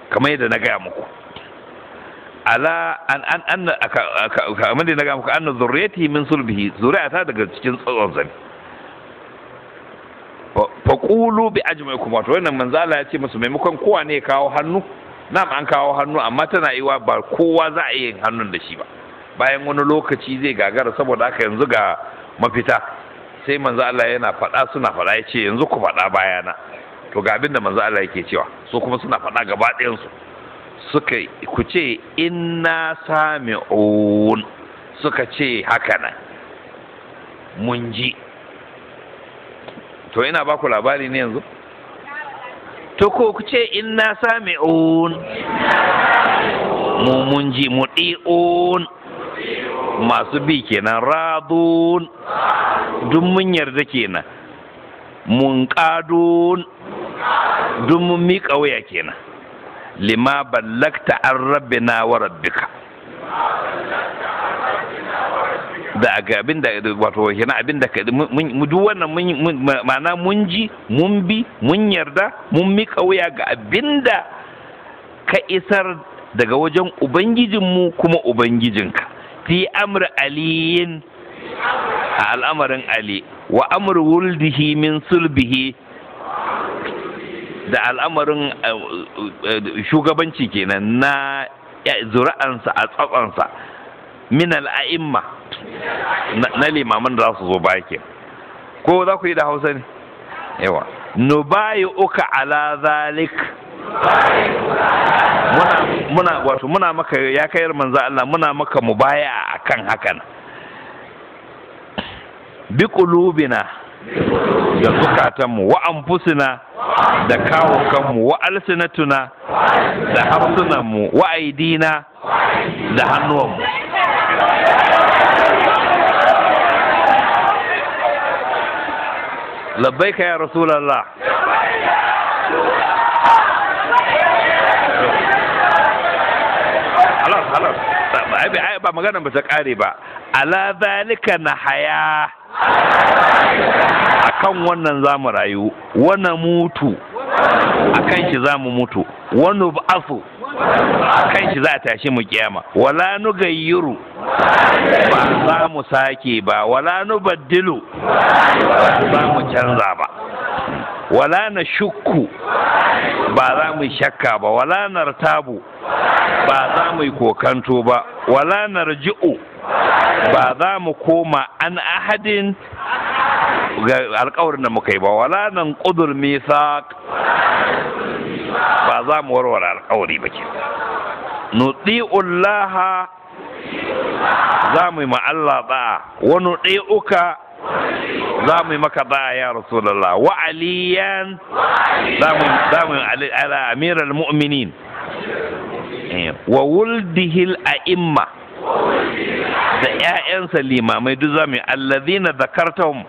kamar yadda na gaya muku ala an an an kamar yadda na gaya muku an zurriyati min sulbihi zuri'ata daga cikin tsotsonsa ne kulu bi kuma wato wannan manzo Allah ya ce musu maimakon kowa ne ya kawo hannu na'am an kawo hannu amma tana yiwa ba kowa za a yi hannun da shi ba bayan wani lokaci zai gagara saboda haka yanzu ga mafita sai manzo Allah yana faɗa suna faɗa ya ce yanzu ku faɗa bayana to ga abin da manzo Allah yake cewa so kuma suna faɗa gaba ɗayan su suka ku ce inna sami'un suka ce haka nan mun ji to ina baku labari ne yanzu to ko ku ce inna sami'un mu mun ji mudi'un masu bi kenan radun duk mun yarda kenan qadun duk mun mi waya kenan lima ballakta an rabbina wa rabbika da ga abin da wato kenan abin da mu duk wannan mun ma'ana mun ji mun bi mun yarda mun mika wuya ga abin da ka isar daga wajen ubangijinmu kuma ubangijinka fi amr aliyin a al'amarin ali wa amr wuldihi min sulbihi da al'amarin eh, eh, shugabanci kenan na zuri'ansa a tsatsansa min al'a'imma na limaman da za su zo baya ke ko za ku yi da hausa ne yawa nubayi uka ala zalik muna wato muna maka ya kayar manzo Allah muna maka mubaya akan hakan bi qulubina da zukatanmu wa anfusina da kawukanmu wa alsinatuna da harsunanmu wa aidina da hannuwanmu لبيك يا رسول الله خلاص خلاص طيب ابي عيب ما قلنا بس على ذلك نحيا كم ونن زامر ايو ونموتو a kan shi za mu mutu wani ba'afu a kan shi za a tashi mu kiyama wala nu gayyuru ba za mu sake ba wala nu baddilu ba za mu canza ba wala na shukku ba za mu shakka ba wala na nartabu ba za mu yi kokanto ba wala na ji'u ba za mu koma an ahadin ga alkawarin da muka yi ba wala nan kudur misaq ba za mu warware alkawari ba ke nuti'ullaha za mu yi ma Allah da'a wa nuti'uka za mu yi maka da'a ya rasulullah wa aliyan za mu yi ala amiral mu'minin eh, wa wuldihil a'imma da ‘ya'yansa limamai duk za mu yi allazina zakartahum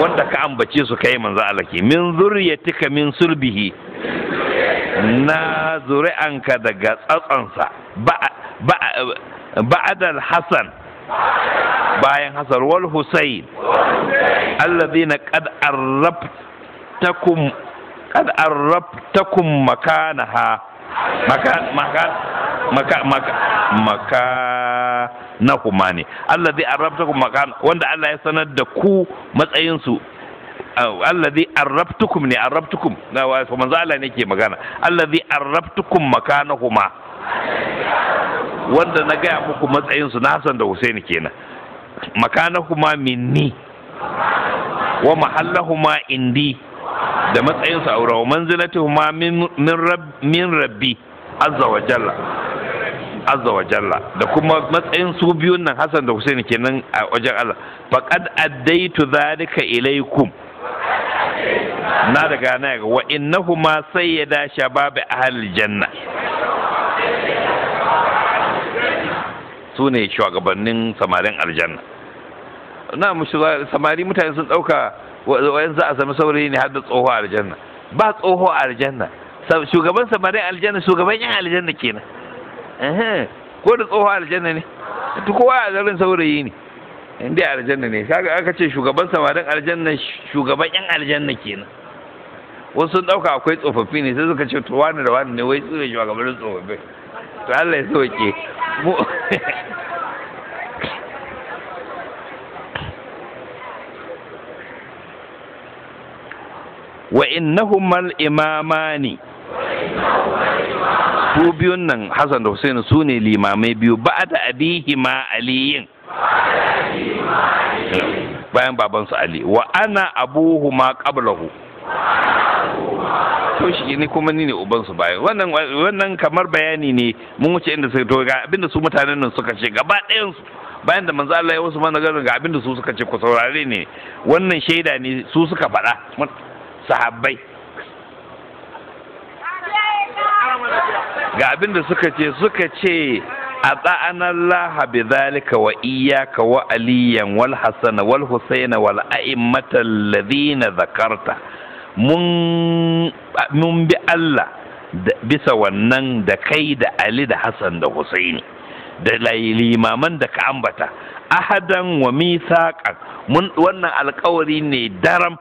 wanda ka ambace su kai manzo Allah ke min zuriyatika min sulbihi na zuri'anka daga tsatsansa ba'adal hasan bayan hasan wal husayn alladhina qad arrabtakum qad arrabtakum makanaha maka maka maka maka na kuma ne Allah zai arrabtakum makan wanda Allah ya sanar da ku matsayin su zai arrabtukum ne arrabtukum manzo Allah ne ke magana Allah alladhi arrabtukum kuma wanda na gaya muku matsayin su san da Husaini kenan kuma minni wa mahallahuma indi da matsayin sa aure wa manzilatuhuma min rabbi azza wa jalla azza wa jalla da kuma matsayin su biyun nan Hassan da Hussein kenan a wajen Allah faqad addaitu zalika ilaikum na daga na ga wa innahuma sayyida shababi ahli janna su ne shugabannin samarin aljanna na samari mutane sun ɗauka wayan za a sami saurayi ne har da tsoho aljanna ba tsoho aljanna shugaban samarin aljanna shugaban yan aljanna kenan ko da tsoho aljanna ne duk kowa a zarin saurayi ne inda aljanna ne kaga aka ce shugaban samarin aljanna shugaban yan aljanna kenan wasu sun dauka akwai tsofaffi ne sai suka ce to wani da wani ne wai tsire ne tsofaffi to Allah ya sauke mu wa innahuma imamani wa innahuma imamani su biyun nan Hassan da Hussein su ne limamai biyu ba da abihima aliyin bayan babansu Ali wa ana abuhuma qablahu to shi ne kuma ni ne ubansu bayan wannan wannan kamar bayani ne mun wuce inda suka to ga abinda su mutanen nan suka ce gaba ɗayan su bayan da manzo Allah ya wasu mana ga abinda su suka ce ku saurare ne wannan shaida ne su suka faɗa sahabbai ga abin da suka ce suka ce a tsa'anallaha bi zalika wa iyyaka wa aliyan wal hasana wal husaina wal ladina zakarta mun bi Allah bisa wannan da kai da Ali da Hassan da Husaini da limaman da ka ambata ahadan wa mithaqan mun wannan alkawari ne daram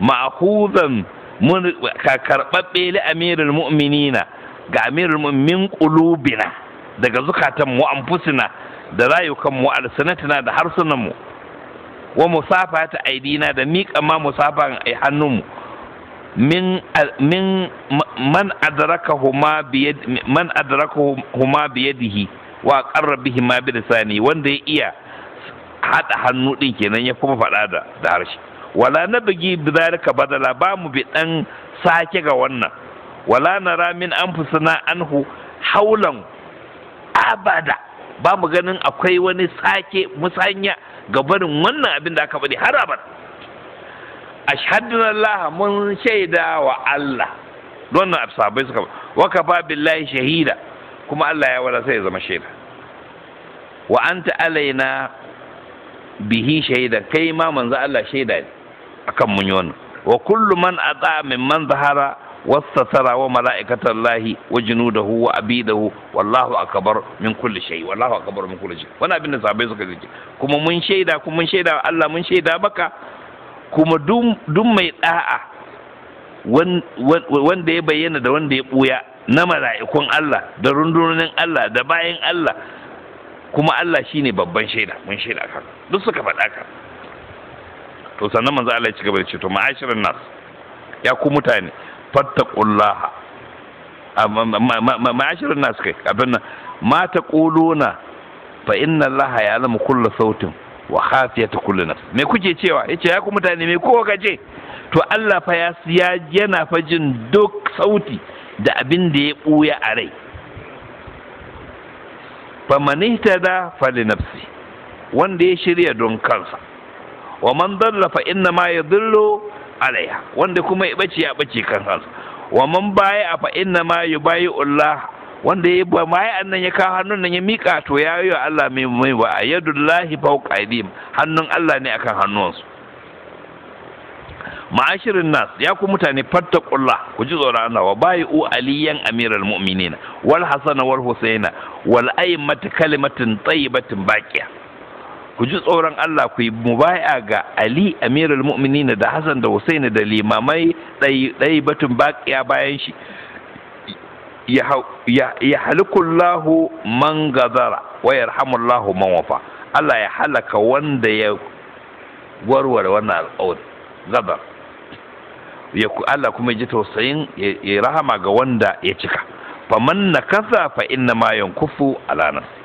ma'khuzan mun ka karɓaɓɓe li amirul mu'minina ga amirul min kulubina daga zukatan mu anfusina da rayukan mu alsanatina da harsunan mu wa musafata aidina da miƙa ma musafan ai hannun mu min min man adrakahuma biyad man adrakahuma biyadihi wa qarra bihima bilisani wanda ya iya hada hannu din kenan ya kuma faɗa da harshe wala na bugi zalika badala ba mu bi ɗan sake ga wannan wala na nara min an anhu haulan abada ba mu ganin akwai wani sake musanya ga barin wannan abin da aka faɗi har abada ashhadu Allah mun shaida wa Allah wannan sabai suka wa kafa billahi shahida kuma Allah ya wada sai ya zama shaida wa anta alaina bihi shaida kai ma manzo Allah shaida ne akan mun yi wannan wa kullu man ata min man zahara wasatara wa mala'ikatar lahi wa junudahu da hu, wallahu akbar min kulle shayi, wallahu akbar min kulle shay Wani abin da sabai suka ce kuma mun shaida kuma mun shaida Allah mun shaida baka kuma duk mai ɗa'a, wanda ya bayyana da wanda ya buya na mala'ikun Allah da rundunonin Allah da bayan Allah kuma Allah shi ne babban shaida mun shaida haka duk suka faɗa to sannan manzo Allah ya ci gaba da ce to ma'asharan nas ya ku mutane fattaqullaha ah, ma'ashirin nas kai abin nan Mata taquluna fa inna ya zama kulla sautin wa ta kullu nafs me kuke cewa yace ya ku mutane me kowa to Allah fa ya yana fa jin duk sauti da abin da ya buya a rai fa da fali nafsi wanda ya shirya don kansa wa man dalla fa inna ma yadullu alaiha wanda kuma ya bace ya bace kan hansu wa man baya fa inna ma yubayi Allah wanda ya ba mai annan ya kawo hannun nan ya mika to ya yi wa Allah mai mai wa yadullahi fawqa aydihim hannun Allah ne akan hannunsu. ma'ashirin nas ya ku mutane ƙulla, ku ji tsoron Allah wa bai'u aliyan amiral mu'minina wal hasana wal husaina wal aimmat kalimatin tayyibatin baqiya ku ji tsoron Allah ku yi mubaya ga Ali Amirul Mu'minin da Hassan da Hussein da limamai ɗai batun baƙiya bayan shi ya halikullahu man gazara wa yarhamullahu man wafa Allah ya halaka wanda ya warware wannan alƙawari ya Allah kuma ji tausayin ya rahama ga wanda ya cika Fa faman nakasa fa inna ma yankufu ala nafsi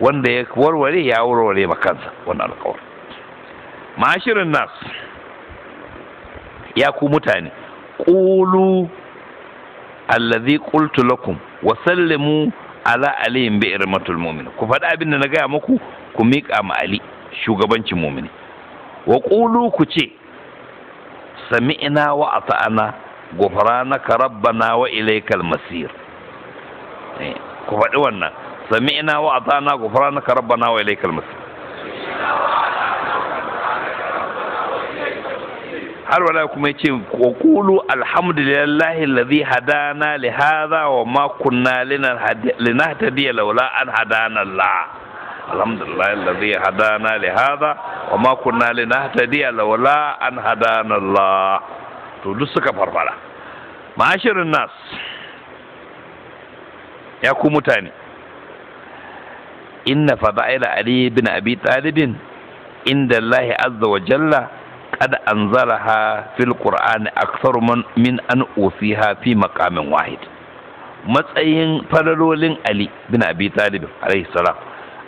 wanda ya warware ya warware ma kansa wannan alkawar mashirin nas ya ku mutane ƙulu allazi qultu lakum wa sallimu ala aliyin bi irmatul mu'min ku faɗi abin da na gaya muku ku miƙa ma ali shugabancin mu'mini wa ƙulu ku ce sami'na wa ata'ana ghufranaka rabbana wa ilaikal masir eh, ku faɗi wannan سمعنا وأطعنا غفرانك ربنا وإليك المصير هل ولا يكم وقولوا الحمد لله الذي هدانا لهذا وما كنا لنهتدي لولا أن هدانا الله الحمد لله الذي هدانا لهذا وما كنا لنهتدي لولا أن هدانا الله تدسك فرفلا معاشر الناس يا كومتاني inna fada'ila ali bin abi talibin inda Allah azza wa jalla qad anzalaha fil qur'an aktsaru min an usiha fi maqamin wahid matsayin falalolin ali bin abi talib salam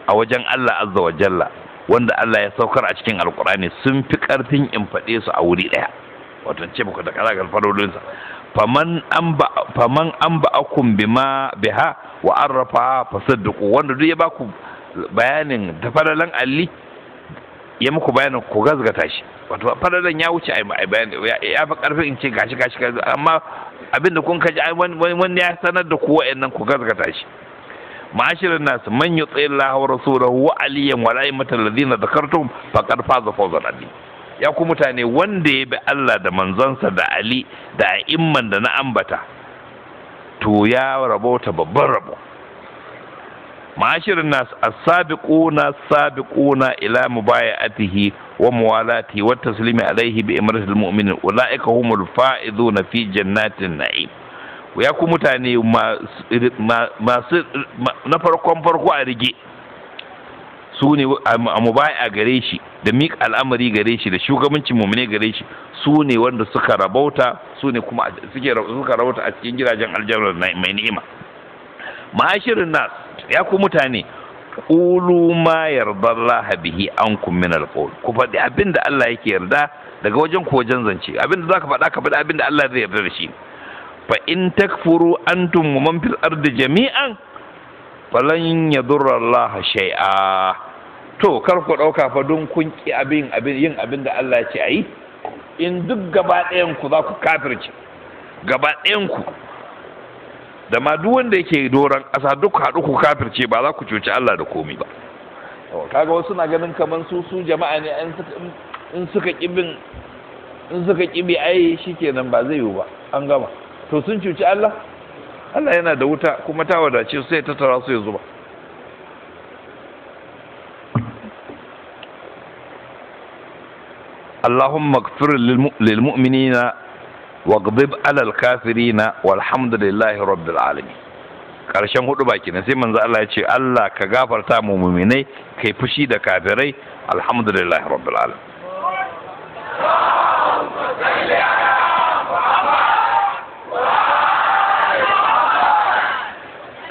a wajen Allah azza wa jalla wanda Allah ya saukar a cikin alqur'ani sun fi karfin in faɗe su a wuri ɗaya wato ce muku da kalagar faman an ba akun ma biha wa arrafa fasadduku wanda duk ya baku bayanin da falalan alli ya muku bayanin ku gazgata shi wato falalan ya wuce ai bayani ya fi karfin in ce gashi gashi gashi amma abinda kun kaji ai wani ya sanar da ku wa'annan ku gazgata shi ma'ashirin nasu man yutsi Allah wa rasulahu wa aliyan wa la'imatal ladina zakartum faqad faza fawzan alim ya ku mutane wanda ya bi Allah da manzonsa da Ali da a'imman da na ambata to ya rabo ta babban rabo ma'ashirin nasu as-sabiquna sabiquna ila mubayatihi wa muwalati wa taslimi alaihi bi imratil mu'minin ulaika humul fa'izuna fi jannatin na'im ya ku mutane masu na farkon farko a rige su ne a mubaya gare shi da miƙa al'amari gare shi da shugabancin mumune gare shi su ne wanda suka rabauta su ne kuma suke suka rabauta a cikin gidajen aljanna mai ni'ima ma'ashirin nas ya ku mutane qulu ma yardallaha bihi ankum min alqul ku faɗi abin Allah yake yarda daga wajen ku wajen zance abin da zaka faɗa ka faɗi abin da Allah zai yarda da shi fa in takfuru antum wa man fil ardi jami'an falan yadurra Allah shay'a to kar ku ɗauka fa don kun ƙi abin abin yin abin da Allah ce a yi in duk gaba ɗayan ku za ku kafirce gaba ɗayan ku da ma duk wanda yake doron ƙasa duk haɗu ku kafirce ba za ku cuci Allah da komai ba kaga wasu na ganin kamar su su jama'a ne in suka kibin in suka kibi ai shikenan ba zai yiwu ba an gama to sun cuci Allah Allah yana da wuta kuma ta wadace sai ta tara su ya zuba اللهم اغفر للمؤمنين واغضب على الكافرين والحمد لله رب العالمين karshen hudu baki sai manzo Allah ya ce Allah ka gafarta mu muminai kai fushi da kafirai alhamdulillah rabbil alamin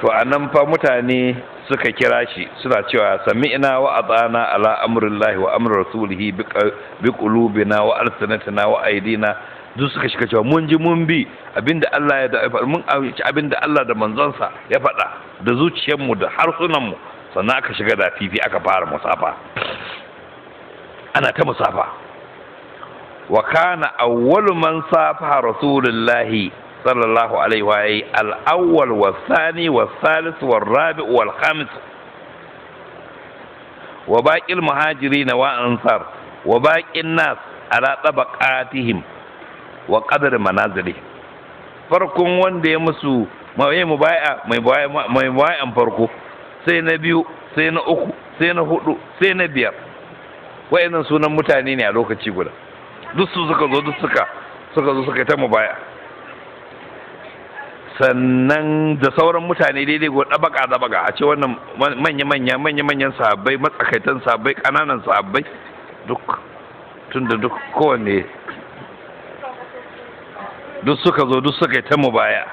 to a nan fa mutane suka kira shi suna cewa ina wa atana ala lahi wa amri rasulihi bi qulubina wa alsanatina wa aidina duk suka shiga cewa mun ji mun bi abinda Allah ya da mun abinda Allah da manzonsa ya faɗa da zuciyarmu da harsunanmu sannan aka shiga da fifi aka fara musafa ana ta musafa wa kana awwalu man safa rasulullahi sallallahu alaihi wa yi al'awwal wa sani wa salis wa rabi wa alhamis wa baƙin muhajiri na wa ansar wa baƙin nas ala tabaqatihim wa ƙadar manazari farkon wanda ya musu mai mubaya mai mai farko sai na biyu sai na uku sai na hudu sai na biyar wayannan sunan mutane ne a lokaci guda duk su suka zo duk suka suka zo suka ta mubaya sannan da sauran mutane daidai go dabaka dabaka a ce wannan manya manya manya manyan sahabbai matsakaitan sahabbai kananan sahabbai duk tunda duk kowanne duk suka zo duk suka ta mu baya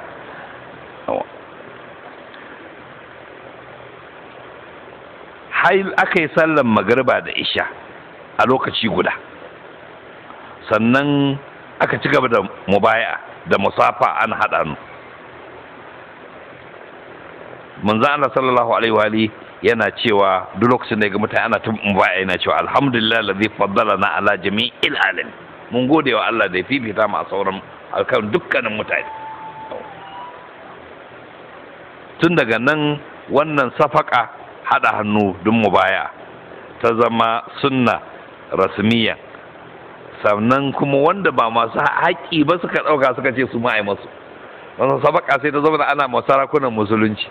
hail aka yi sallan magarba da isha a lokaci guda sannan aka ci gaba da mubaya da musafa an haɗa nu manzo Allah sallallahu alaihi wa alihi yana cewa duk lokacin da ga mutane ana tun baya yana cewa alhamdulillah ladhi faddalana ala jami'il alamin mun gode wa Allah da ya fifita mu a sauran alkan dukkanin mutane tun daga nan wannan safaka hada hannu duk mu baya ta zama sunna rasmiya sannan kuma wanda ba masu haƙi ba suka ɗauka suka ce su ma'aimasu wannan safaka sai ta zama da ana masarakunan musulunci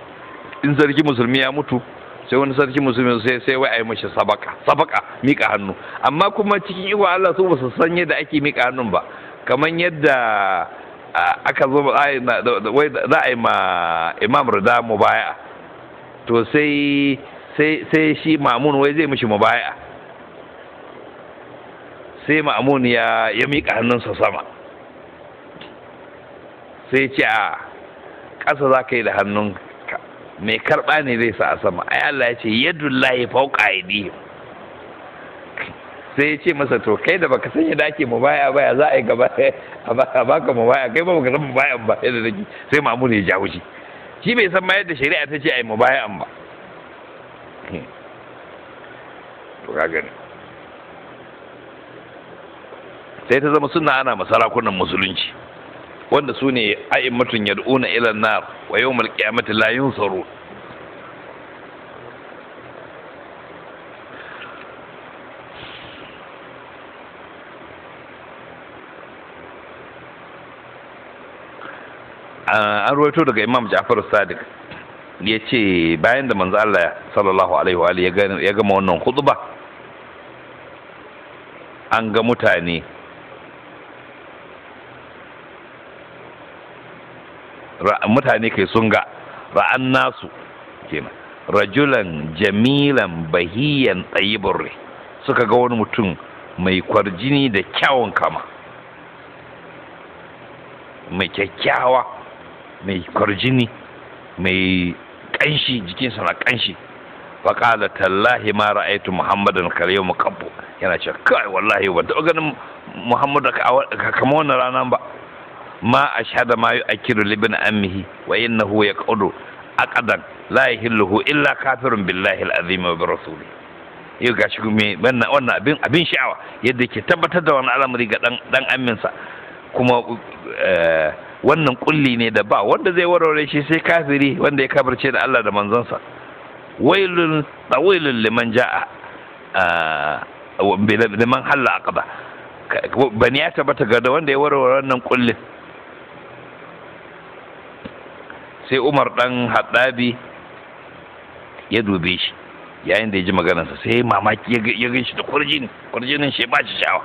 in sarki musulmi ya mutu sai wani sarki musulmi sai sai wai ayi mashi sabaka sabaka mika hannu amma kuma cikin iko Allah su ba su san yadda ake mika hannun ba kamar yadda aka zo wai za a yi ma imam rida mubaya to sai sai sai shi mamun wai zai mishi mubaya sai mamun ya ya mika hannunsa sama sai ce a ƙasa za ka yi da hannun mai karɓa ne zai sa a sama ai Allah ya ce yadullahi fawqa aydihim sai ya ce masa to kai da baka san yadda ake mubaya baya za a yi gaba a baka mubaya kai ba baka san mubaya ba yadda take sai mamu ne ya jawo shi shi bai san ma yadda shari'a ta ce a yi mubayan ba to ka gani sai ta zama suna ana masarakunan musulunci wanda su ne ya yad'una ilan nar wa yawmal qiyamati layin tsaro an ruwaito daga imam ja'far sadiq ya ce bayan da manzo Allah sallallahu alaihi wa ya gama wannan khutba an ga mutane mutane kai sun ga ra'an nasu kenan rajulan jamilan bahiyan tsayibin rai suka ga wani mutum mai kwarjini da kyawun kama mai kyakkyawa mai kwarjini mai kanshi jikinsa na kanshi faƙala tallahi ma ra'aitu muhammadan kare yau yana cewa kai wallahi ban taɓa ganin muhammadu kama wannan rana ba ma a shada ma kiru libin amihi wa yin ya innahu a ƙadan layi yahilluhu illa kafirun billahi alazim wa bi rasulih yau gashi me wannan wannan abin sha'awa yadda ke tabbatar da wani al'amari ga ɗan aminsa. kuma wannan kulli ne da ba wanda zai warware shi sai kafiri wanda ya kafirce da Allah da manzonsa wailun tawilun liman ja'a liman halla aqaba bani ya tabbata ga wanda ya warware wannan kullin sai umar dan haddabi ya dube shi yayin da ya ji maganarsa sai mamaki ya gan shi da kwarjini kwarjinin shi ba shi sha'awa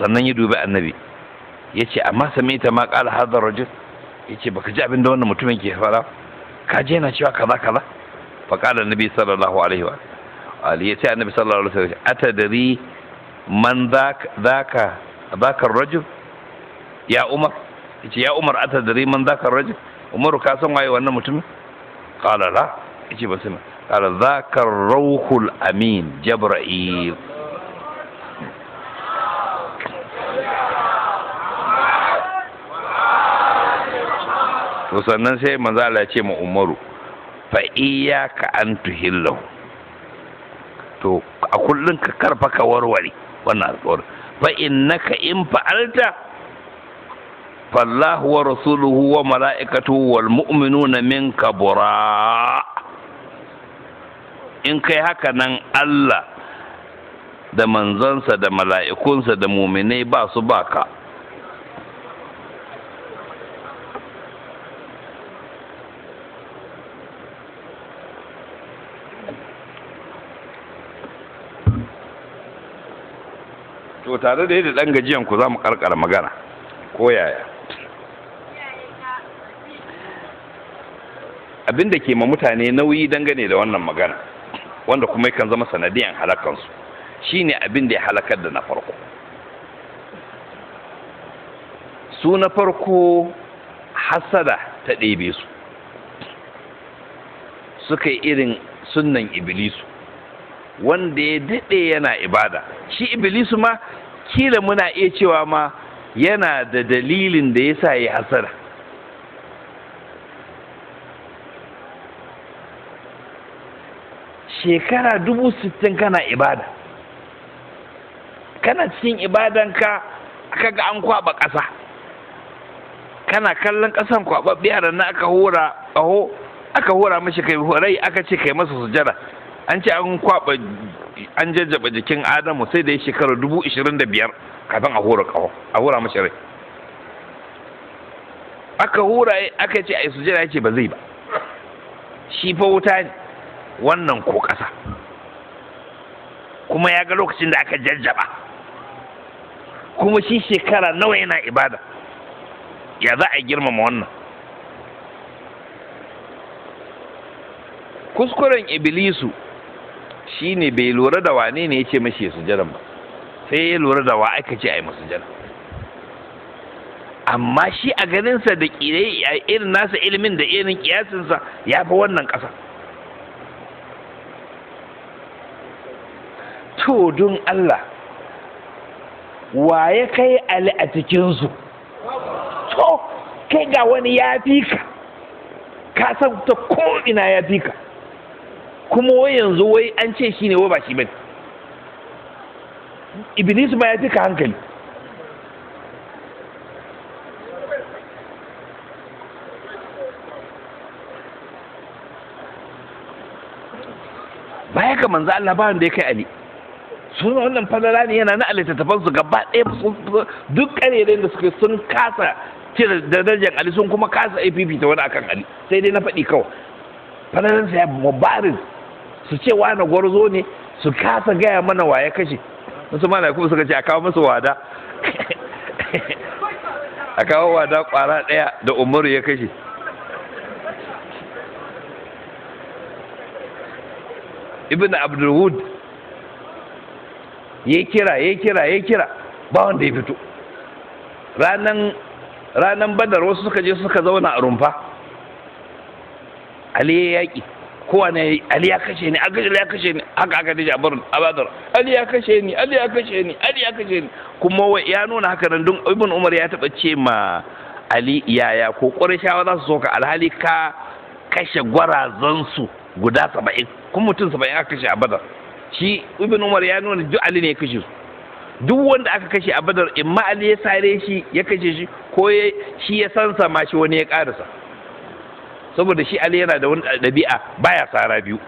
sannan ya dubi annabi ya ce amma ta ma ƙala hadar rajul ya ce baka ji abin da wannan mutumin ke fara ka je yana cewa kaza kaza fa ƙala annabi sallallahu alaihi wa Ali ya ce annabi sallallahu alaihi wa atadari man zaka zaka rajul ya umar ya ce ya umar atadari man zaka rajul umaru ka san waye wannan mutumin qala la yace ba sai qala zakar rauhul amin jibril to sannan sai manzo Allah ya ce ma umaru fa iyyaka an tuhillahu to a kullun ka karfa ka warware wannan alƙawari fa innaka in fa'alta فالله ورسوله وملائكته والمؤمنون منك براء in kai haka nan Allah da manzansa da mala'ikunsa da muminai ba su baka to tare da yadda ɗan gajiyan ku za mu ƙarƙara magana ko yaya abin da ke ma mutane nauyi dangane da wannan magana wanda kuma yakan zama sanadiyan halakansu shine abin da ya halakar da na farko su na farko hasada ta ɗebe su suka yi irin sunnan iblisu wanda ya daɗe yana ibada shi iblisu ma kila muna iya cewa ma yana da dalilin da ya sa ya hasada shekara dubu sittin kana ibada kana cikin ibadanka aka ga an kwaba ƙasa kana kallon ƙasan kwababbe da na aka hura aho, aka hura mashi kai horai aka ce kai masa sujada an ce an kwaba an jajjaba jikin adamu sai da ya shekara dubu ishirin da biyar kafin a hura ƙaho a hura mashi rai aka hura aka ce a yi sujada ya ce ba zai ba shi fa wuta ne wannan ko ƙasa kuma ya ga lokacin da aka jajjaba kuma shi shekara nawa yana ibada ya za a girmama wannan kuskuren iblisu shine bai lura da wane ne ya ce mashi ya sujadan ba sai ya lura da wa aka ce a yi masujadan amma shi a ganinsa da irin nasa ilimin da irin kiyasinsa ya fi wannan ƙasa to Allah waye kai ali a cikinsu to kai ga wani ya fi ka ka san ta ko ina ya fi ka kuma wai yanzu wai an ce shi ne wai ba shi bane iblis ma ya fi ka hankali baya ga manzo Allah ba wanda ya kai ali sun wannan falala ne yana na alittattafan su gaba ɗaya duk ƙarerayen da suka sun kasa cire darajar ali sun kuma kasa app ta wani akan ali sai dai na faɗi kawai falalansa ya mubarin su ce na gwarzo ne su kasa gaya mana wa ya kashe wasu mana kuma suka ce a kawo musu wada a kawo wada kwara ɗaya da umaru ya kashe ibn abdulwud ya kira ya kira ya kira ba wanda ya fito ranan ranan badar wasu suka je suka zauna a rumfa ali ya yaƙi kowa ne ali ya kashe ni ali ya kashe ni haka aka dace a badar ali ya kashe ni ali ya kashe ni ali ya kashe ni kuma ya nuna haka nan don ibn umar ya taɓa ce ma ali yaya ko ƙwarishawa za su ka alhali ka kashe gwarazansu guda saba'in kuma mutum saba'in aka kashe a badar shi ibn umar ya nuna duk ali ne ya kashe su duk wanda aka kashe a badar imma ali ya sare shi ya kashe shi ko shi ya sansa ma shi wani ya karasa saboda shi ali yana da wani ɗabi'a baya sara biyu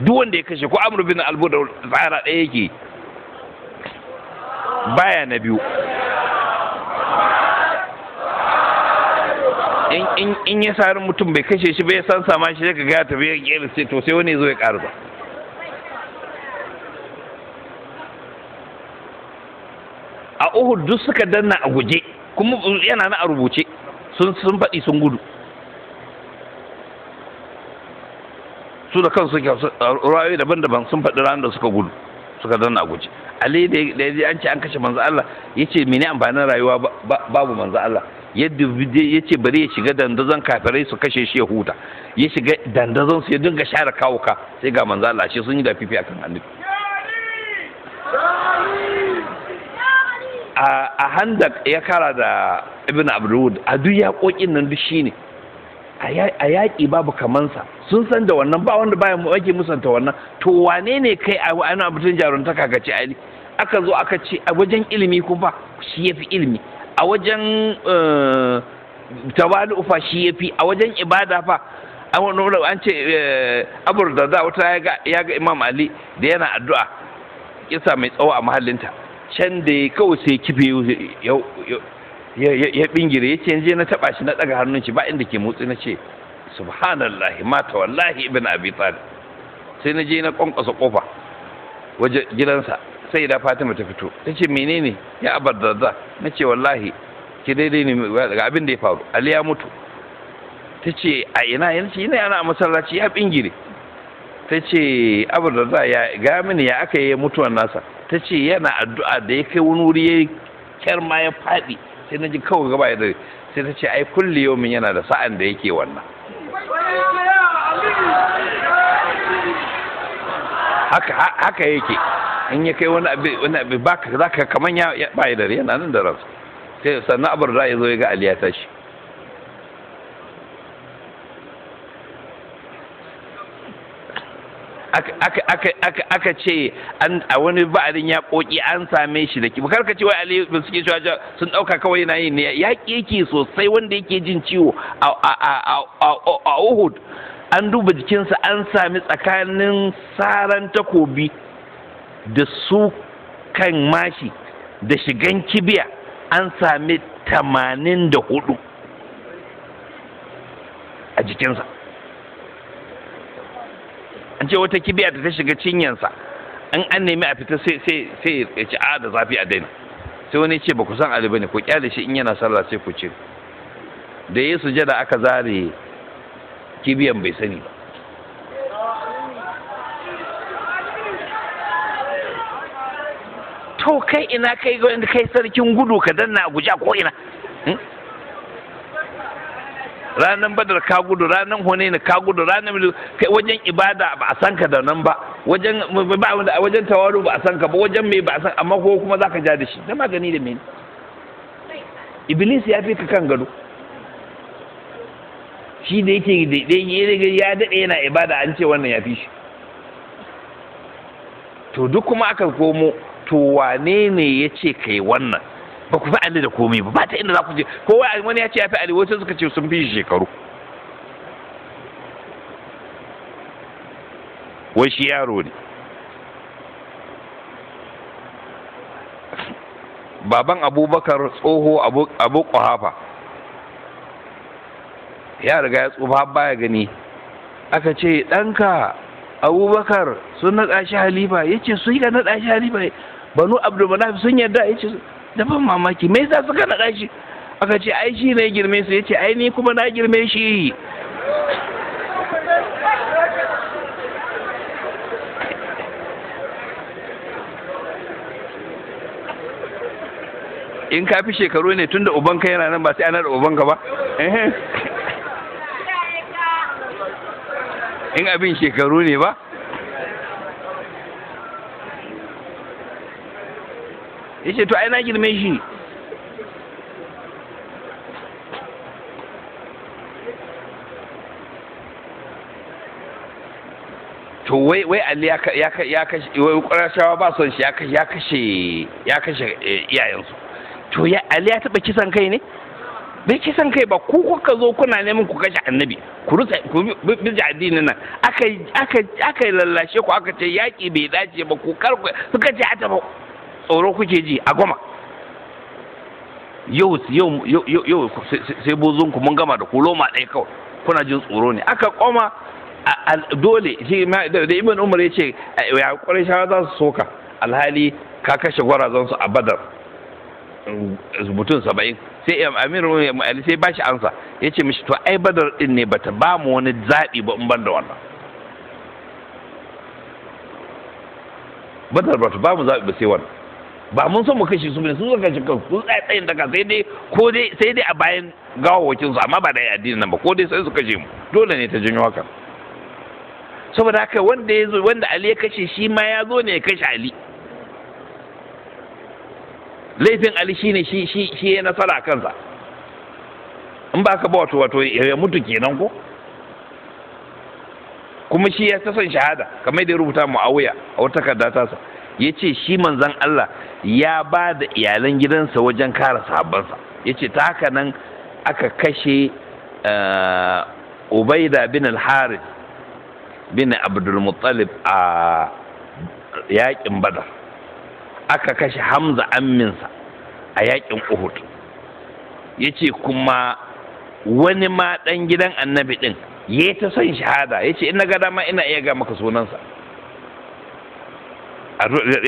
duk wanda ya kashe ko amru bin albu da tsara ɗaya yake baya na biyu in ya sari mutum bai kashe shi bai san sama shi daga gata bai ya kera sai to sai wani zo ya ƙarasa a uhud duk suka danna a guje kuma yana na a rubuce sun sun faɗi sun gudu su da kansu rawayoyi daban-daban sun faɗi ranar da suka gudu suka danna a guje ali da ya ji an ce an kashe manzo Allah ya ce mene amfanin rayuwa babu manzo Allah yadda ya ce bari ya shiga dandazon kafirai su kashe shi ya huta ya shiga dandazon su ya dinga share kawuka sai ga manzo Allah shi sun yi da fifi akan annabi a handak ya kara da ibn abdulwud a duk yaƙoƙin nan duk shine a yaƙi babu kamansa sun san da wannan ba wanda baya wake musanta wannan to wane ne kai a wani abutun jarunta ka ce ali aka zo aka ce a wajen ilimi ba shi ya fi ilimi a wajen eh, tawalu ufa shi fi. a wajen ibada fa an ce eh, abu da za wata ya ga imam ali da yana addu'a ya mai tsawo a mahallinta can da ya kawo sai kife ya bingire ya ce yanzu na taba shi na daga hannun shi ba inda ke motsi na ce subhanallah mata wallahi ibn abi talib sai na je na kwankwasa kofa waje gidansa sai da fatima ta fito ta ce menene ya abardaza na ce wallahi ki daidai ne ga abin da ya faru ali ya mutu ta ce a ina ya ce yana a masallaci ya bingire ta ce abardaza ya ga mini ya aka yi mutuwan nasa ta ce yana addu'a da ya kai wani wuri ya kyar ma ya faɗi sai na ji kawai gaba da sai ta ce ai yau min yana da sa'an da yake wannan haka haka yake in ya kai wani abu wani abu baka zaka kaman ya bai da yana nan da ransa sai sannan abar da ya zo ya ga aliya tashi aka ce a wani ba'adin ya koki an same shi da kiba karka ce wai aliyu bin suke cewa sun dauka kawai na yin ne ya ke sosai wanda yake jin ciwo a Uhud an duba jikinsa an sami tsakanin saran takobi da su kan mashi da shigan kibiya an sami tamanin da hudu a jikinsa an ce wata kibiya da ta shiga cinyansa in an nemi a fita sai sai sai ya ci a ah, da zafi a daina sai wani ce ba ku san ali bane ku kyale shi in yana sallah sai ku ce da ya sujada aka zare kibiyan bai sani ba to kai ina kai kai sarkin gudu ka danna a guja ko ina hmm? ranar badar ka gudu ranar hunaini ka gudu ranar wajen ibada ba a san da nan ba wajen ba wajen tawaru ba a san ka ba wajen me ba a san amma ko kuma zaka ja da shi na magani da mene iblis ya fi ka kan gado shi da yake daidai ya daɗe yana ibada an ce wannan ya fi shi to duk kuma aka komo to wane ne yace ce kai wannan ba ku fi ali da komai ba ba ta inda za ku je kowa wani ya ce ya fi ali wasu suka ce sun fi shi shekaru wai shi yaro ne baban abubakar tsoho abu kwahafa ya riga ya tsufa baya gani aka ce ɗanka abubakar sun naɗa shi halifa ya ce sun yi naɗa shi halifa banu abdulmanaf sun yarda ya ce da ban mamaki me yasa suka naɗa shi aka ce ai shi ne girme su yace ai ni kuma na girme shi in ka fi shekaru ne tunda ubanka yana nan ba sai ana da ubanka ba eh. in abin shekaru ne ba yace to ai na girme shi to wai wai Ali ya ya kashe wai Qurashawa ba son shi ya ka ya kashe ya kashe eh, iyayensu to ya Ali ya taba kisan kai ne bai kisan kai ba ku kuka zo kuna neman ku kashe annabi ku rusa ku bija addinin nan aka aka aka lallashe ku aka ce yaki bai dace ba ku kar suka ce a taba tsoro kuke ji a goma yau yau sai ku mun gama da ku loma ɗaya kawai kuna jin tsoro ne aka koma dole shi da ibn umar ya ce ya kwarai shawa za su soka alhali ka kashe su a badar mutum saba'in sai amir ali sai ba shi ansa ya ce mishi to ai badar din ne bata ba mu wani zaɓi ba in ban da wannan badar bata ba mu zaɓi ba sai wannan ba mun son mu kashe su ne sun zaka shi kansu sun tsaya tsayin daga sai dai ko dai sai dai a bayan gawawakin su amma ba da addinin nan ba ko dai sai su kashe mu dole ne ta janyo haka saboda haka wanda ya zo wanda Ali ya kashe shi ma ya zo ne ya kashe Ali laifin Ali shine shi shi shi ya nasara a kansa in ba ka ba wato wato ya mutu kenan ko kuma shi ya ta son shahada kamar da ya rubuta mu a wuya a wata takarda sa ya ce shi manzan Allah ya ba da iyalan gidansa wajen kara sabansa ya ce ta haka nan aka kashe eh, ubaida bin al bin abdulmuttalib a yaƙin badar aka kashe hamza Aminsa a yaƙin uhud ya ce kuma wani ma ɗan gidan annabi ɗin ya ta son shahada ya ce ina ga dama ina iya ga maka sunansa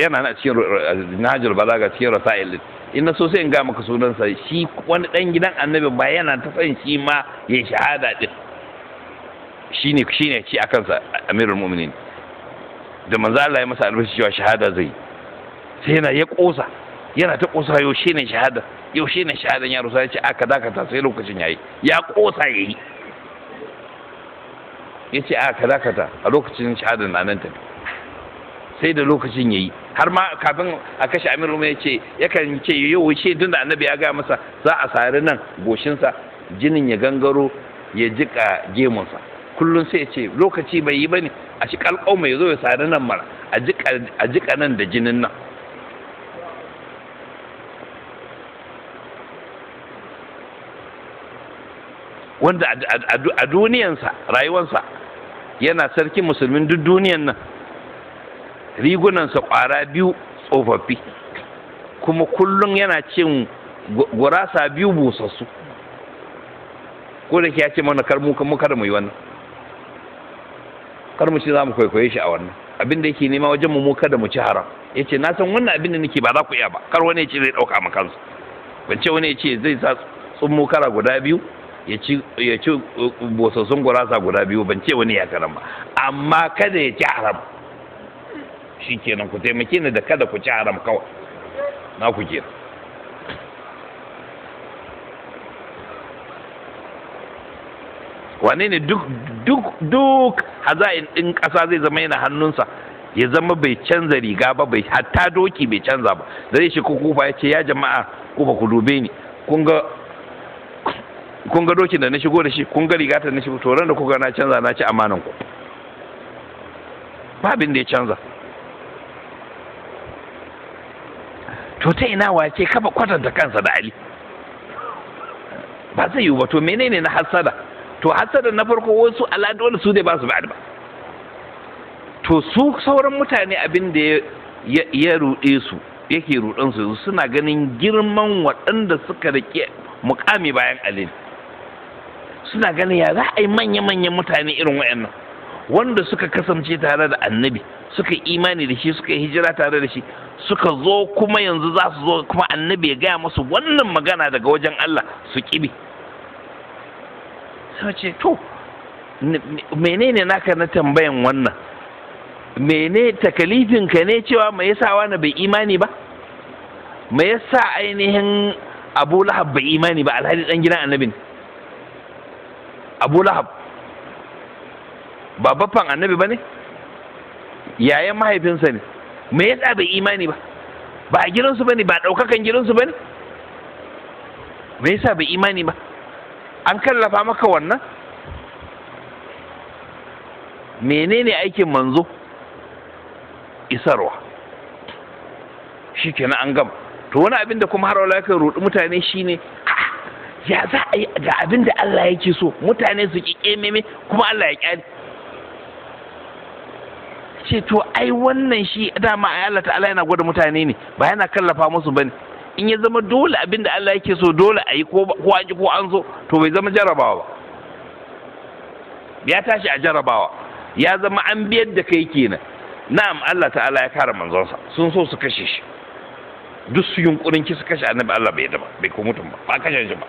yana na cikin nahajul balaga cikin rasail in na so sai in ga maka sunansa shi wani dan gidan annabi ba yana ta san shi ma ya shahada din shine shine ci akan sa amirul mu'minin da manzo Allah ya masa albashi cewa shahada zai sai yana ya kosa yana ta kosa yau shine shahada yau shine shahada ya rusa ya ce aka dakata sai lokacin yayi ya kosa yayi yace aka dakata a lokacin shahadan nan tafi sai da lokacin yayi har ma kafin a kashe amir ya ce yakan ce yau ce tunda annabi ya ga masa za a sari nan goshinsa jinin ya gangaro ya jika gemunsa kullum sai ya ce lokaci bai yi bane a shi kalkau mai zo ya sari nan mara a jika nan da jinin nan wanda a duniyansa rayuwansa yana sarkin musulmin duk duniyan nan rigunansa ƙwara biyu tsofaffi kuma kullum yana cin gurasa biyu busassu ko da ya ce mana kar mu da mu yi wannan kar mu ci za mu kwaikwaye shi a wannan abin da yake nema wajen mu mu kada mu ci haram ya ce na san wannan abin da nake ba za ku iya ba kar wani ya ce zai ɗauka maka kansa ban ce wani ya ce zai sa tsummo kara guda biyu ya ci uh, busassun gurasa guda biyu ban ce wani ya karama. amma kada ya ci haram shikenan ku taimake ni da kada ku ci haram kawai na ku ke wane ne duk duk duk haza'in din ƙasa zai zama yana hannunsa ya zama bai canza riga ba bai hatta doki bai canza ba da zai shi kufa ya ce ya jama'a kufa ku dube ni kun ga dokin da na shigo da shi kun ga riga ta na shigo to ran da kuka na canza na ci amanan ku babin da ya canza to ta ina wace kafa kwatanta kansa da ali ba zai yiwu ba to menene na hasada to hassada na farko wasu al'adu dole su dai ba su ba ba to su sauran mutane abin da ya ruɗe su yake ruɗan su suna ganin girman waɗanda suka rike mukami bayan ali suna ganin ya za a yi manya-manyan mutane irin waɗannan wanda suka kasance tare da annabi suka imani da shi suka hijira tare da shi suka zo kuma yanzu za su zo kuma annabi ya gaya masu wannan magana daga wajen Allah su kibi sai ce to menene naka na tambayan wannan mene ka ne cewa me yasa wani bai imani ba me yasa ainihin abu lahab bai imani ba alhali dan gidan annabi abu lahab ba baffan annabi ba ne yayan mahaifinsa ne me yasa bai imani ba ba a gidansu ba ne ba ɗaukakan gidansu ba ne me yasa bai imani ba an kallafa maka wannan menene aikin manzo isarwa shi kenan an gama to wani abin da kuma har wala kan rudu mutane shine ya za a yi ga abin da Allah yake so mutane su ki kememe kuma Allah ya kyale ce to ai wannan shi dama ai Allah ta'ala yana gwada mutane ne ba yana kallafa musu bane in ya zama dole abinda Allah yake so dole ayi ko ko an ji ko an zo to bai zama jarabawa ba ya tashi a jarabawa ya zama an biyar da kai kenan na'am Allah ta'ala ya kare manzonsa sun so su kashe shi duk su yunkurin ki su kashe annabi Allah bai yadda ba bai ko mutum ba ba kashe shi ba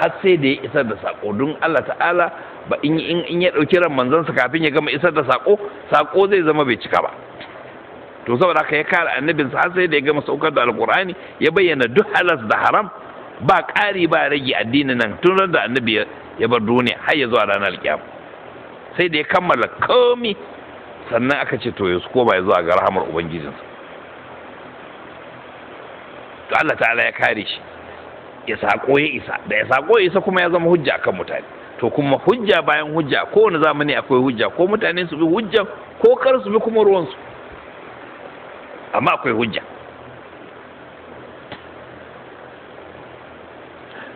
har sai da ya isar da sako don Allah ta'ala ba in ya ɗauki ran manzansa kafin ya gama isar da sako sako zai zama bai cika ba to saboda haka ya kare annabinsa har sai da ya gama saukar da alkur'ani ya bayyana duk halas da haram ba ƙari ba rage addinin nan tun ran da annabi ya bar duniya har ya zuwa ranar kiyama sai da ya kammala komi sannan aka ce to ko koma ya zuwa ga rahamar ubangijinsa to Allah ta'ala ya kare shi ya sako ya isa da ya sako ya isa kuma ya zama hujja kan mutane to kuma hujja bayan hujja ko wani zamani akwai hujja ko mutane su bi hujja ko kar su bi kuma ruwansu amma akwai hujja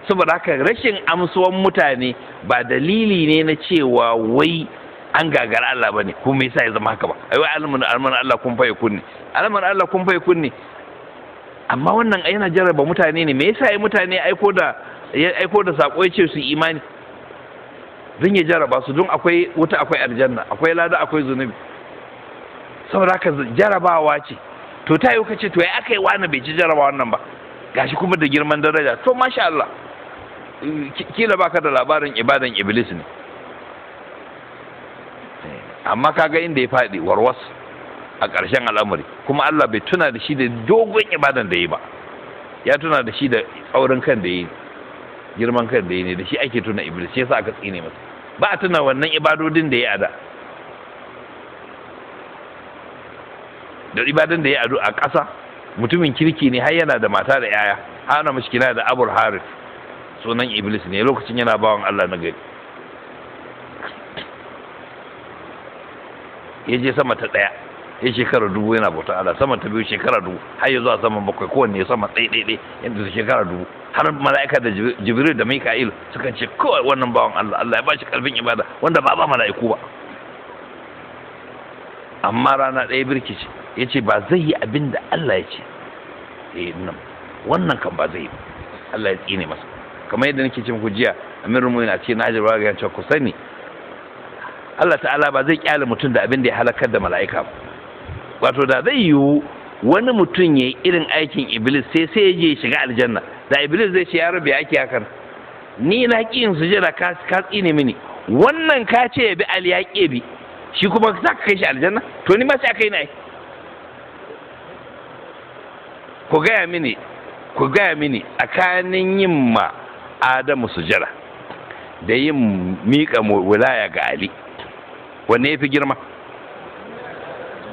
saboda haka rashin amsuwan mutane ba dalili ne na cewa wai an gagara Allah ba ne kuma yasa ya zama haka ba ai wai Allah kun faye kunni Allah kun kunni amma wannan yana jarraba mutane ne me yasa ya mutane aiko da ya aiko da sako ya ce su imani don ya jarraba su don akwai wuta akwai aljanna akwai lada akwai zunubi saboda ka jarabawa ce to ta yi ce to ya aka yi wani bai ci jaraba wannan ba gashi kuma da girman daraja to masha Allah kila baka da labarin ibadan iblis ne eh, amma kaga inda ya faɗi warwas a ƙarshen al'amari kuma Allah bai tuna da shi da dogon ibadan da yi ba ya tuna da shi da tsaurin kan da yi girman kan da yi ne da shi ake tuna iblis shi yasa aka tsine masa ba a tuna wannan ibadodin da ya ada da ibadan da ya ado a ƙasa mutumin kirki ne har yana da mata da yaya hana mashkina da abul harith sunan iblis ne lokacin yana bawan Allah na gari ya je sama ta ɗaya ya shekara dubu yana bauta Allah sama ta biyu shekara dubu har ya zuwa sama bakwai kowanne ya sama ɗaya ɗaya yadda su shekara dubu har mala'ika da jibril da mika'il suka ce kawai wannan bawan Allah Allah ya ba shi karfin ibada wanda ba ba mala'iku ba amma rana ɗaya birkice ya ce ba zai yi abin da Allah ya ce eh, wannan kan ba zai yi Allah ya tsine masa kamar yadda nake ce muku jiya amirul mu'minin a ce na jira ga cewa ku sani Allah ta'ala ba zai kyale mutum da abin da ya halakar da mala'ika ba wato da zai yiwu wani mutum ya yi irin aikin iblis sai sai je shiga aljanna da iblis zai ce ya rabe ake hakan ni na ƙi su jira, ka ne mini wannan ka ce ya bi ali ya bi shi kuma za ka kai shi aljanna to ni ma sai aka yi na ku gaya mini ku gaya mini a kanin yin ma adamu jira da yin miƙa wilaya ga ali wanne ya fi girma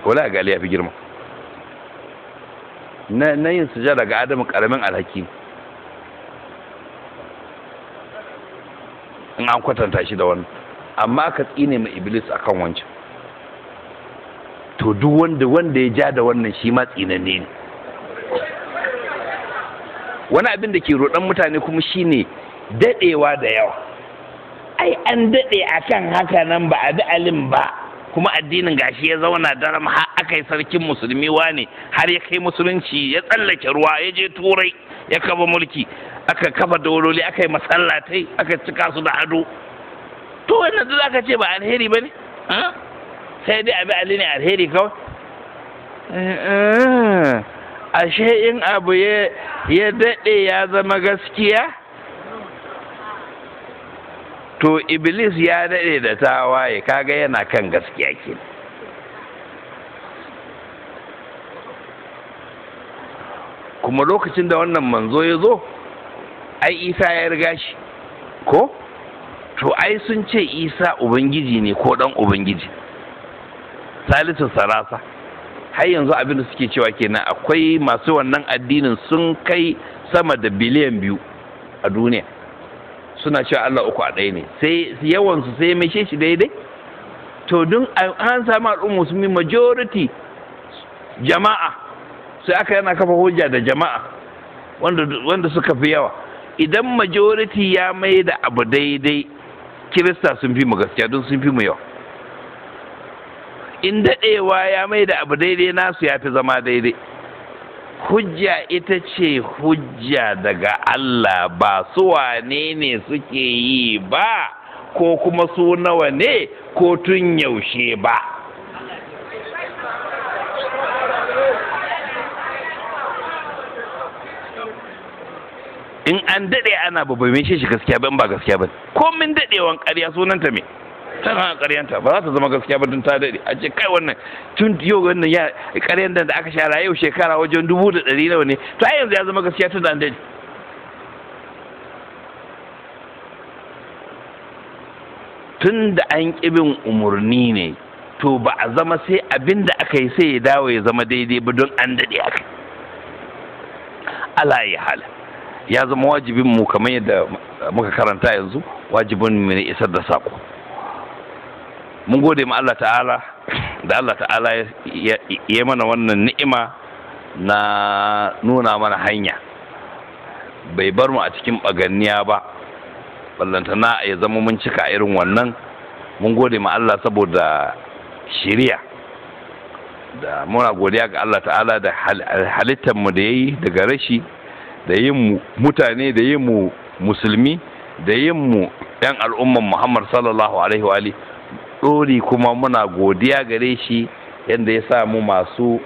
wala ga Ali ya fi girma na yin sujada ga Adamu karamin alhaki in an kwatanta shi da wannan amma ka tsine mai iblis akan wancan to duk wanda wanda ya ja da wannan shi ma tsinanne ne wani abin da ke roɗan mutane kuma shine daɗewa da yawa ai an daɗe akan haka nan ba a bi alim ba kuma addinin gashi ya zauna daram har aka sarkin musulmi wane har ya kai musulunci ya tsallake ruwa ya je turai ya kafa mulki aka kafa dololi aka masallatai aka cika su da ado to wannan duk aka ce ba alheri ba ne sai dai abi ali ne alheri kawai eh, eh. ashe in abu ya daɗe ya zama gaskiya to iblis ya daɗe da tawaye kaga yana kan gaskiya ke kuma lokacin da wannan manzo ya zo ai isa ya riga shi ko to ai sun ce isa ubangiji ne ko ɗan ubangiji salisu sarasa har yanzu abin da suke cewa kenan akwai masu wannan addinin sun kai sama da biliyan biyu a duniya suna cewa Allah uku a ɗaya ne sai yawansu sai mai shi daidai to don an samu al'umma su majority jama'a sai aka yana kafa hujja da jama'a wanda suka fi yawa idan majority ya mai da abu daidai kirista sun fi mu gaskiya don sun fi mu yawa in daɗewa ya mai da abu daidai nasu ya fi zama daidai hujja ita ce hujja daga Allah ba su wane ne suke yi ba ko kuma su nawa ne ko tun yaushe ba in an daɗe ana babbai shi gaskiya ban ba gaskiya ba komin daɗewan ƙarya sunanta me tana karyanta ba za ta zama gaskiya ba tun ta daɗi a ce kai wannan tun yau wannan ya karyan da aka shara yau shekara wajen dubu da ɗari nawa ne to ai yanzu ya zama gaskiya tun da daɗe tun da an ƙibin umarni ne to ba a zama sai abin da aka yi sai ya dawo ya zama daidai ba don an daɗi aka ala ya hala ya zama wajibin mu kamar yadda muka karanta yanzu wajibin mu ne isar da saƙo mun gode ma Allah ta'ala da Allah ta'ala ya mana wannan ni'ima na nuna mana hanya bai bar mu a cikin baganniya ba ballantana ya zama mun cika irin wannan mun gode ma Allah saboda shiriya da muna godiya ga Allah ta'ala da halittar mu da yayi daga rashi da yin mutane da yin mu musulmi da yin mu yan al'umman Muhammad sallallahu alaihi wa alihi ɗori kuma muna godiya gare shi yadda ya samu masu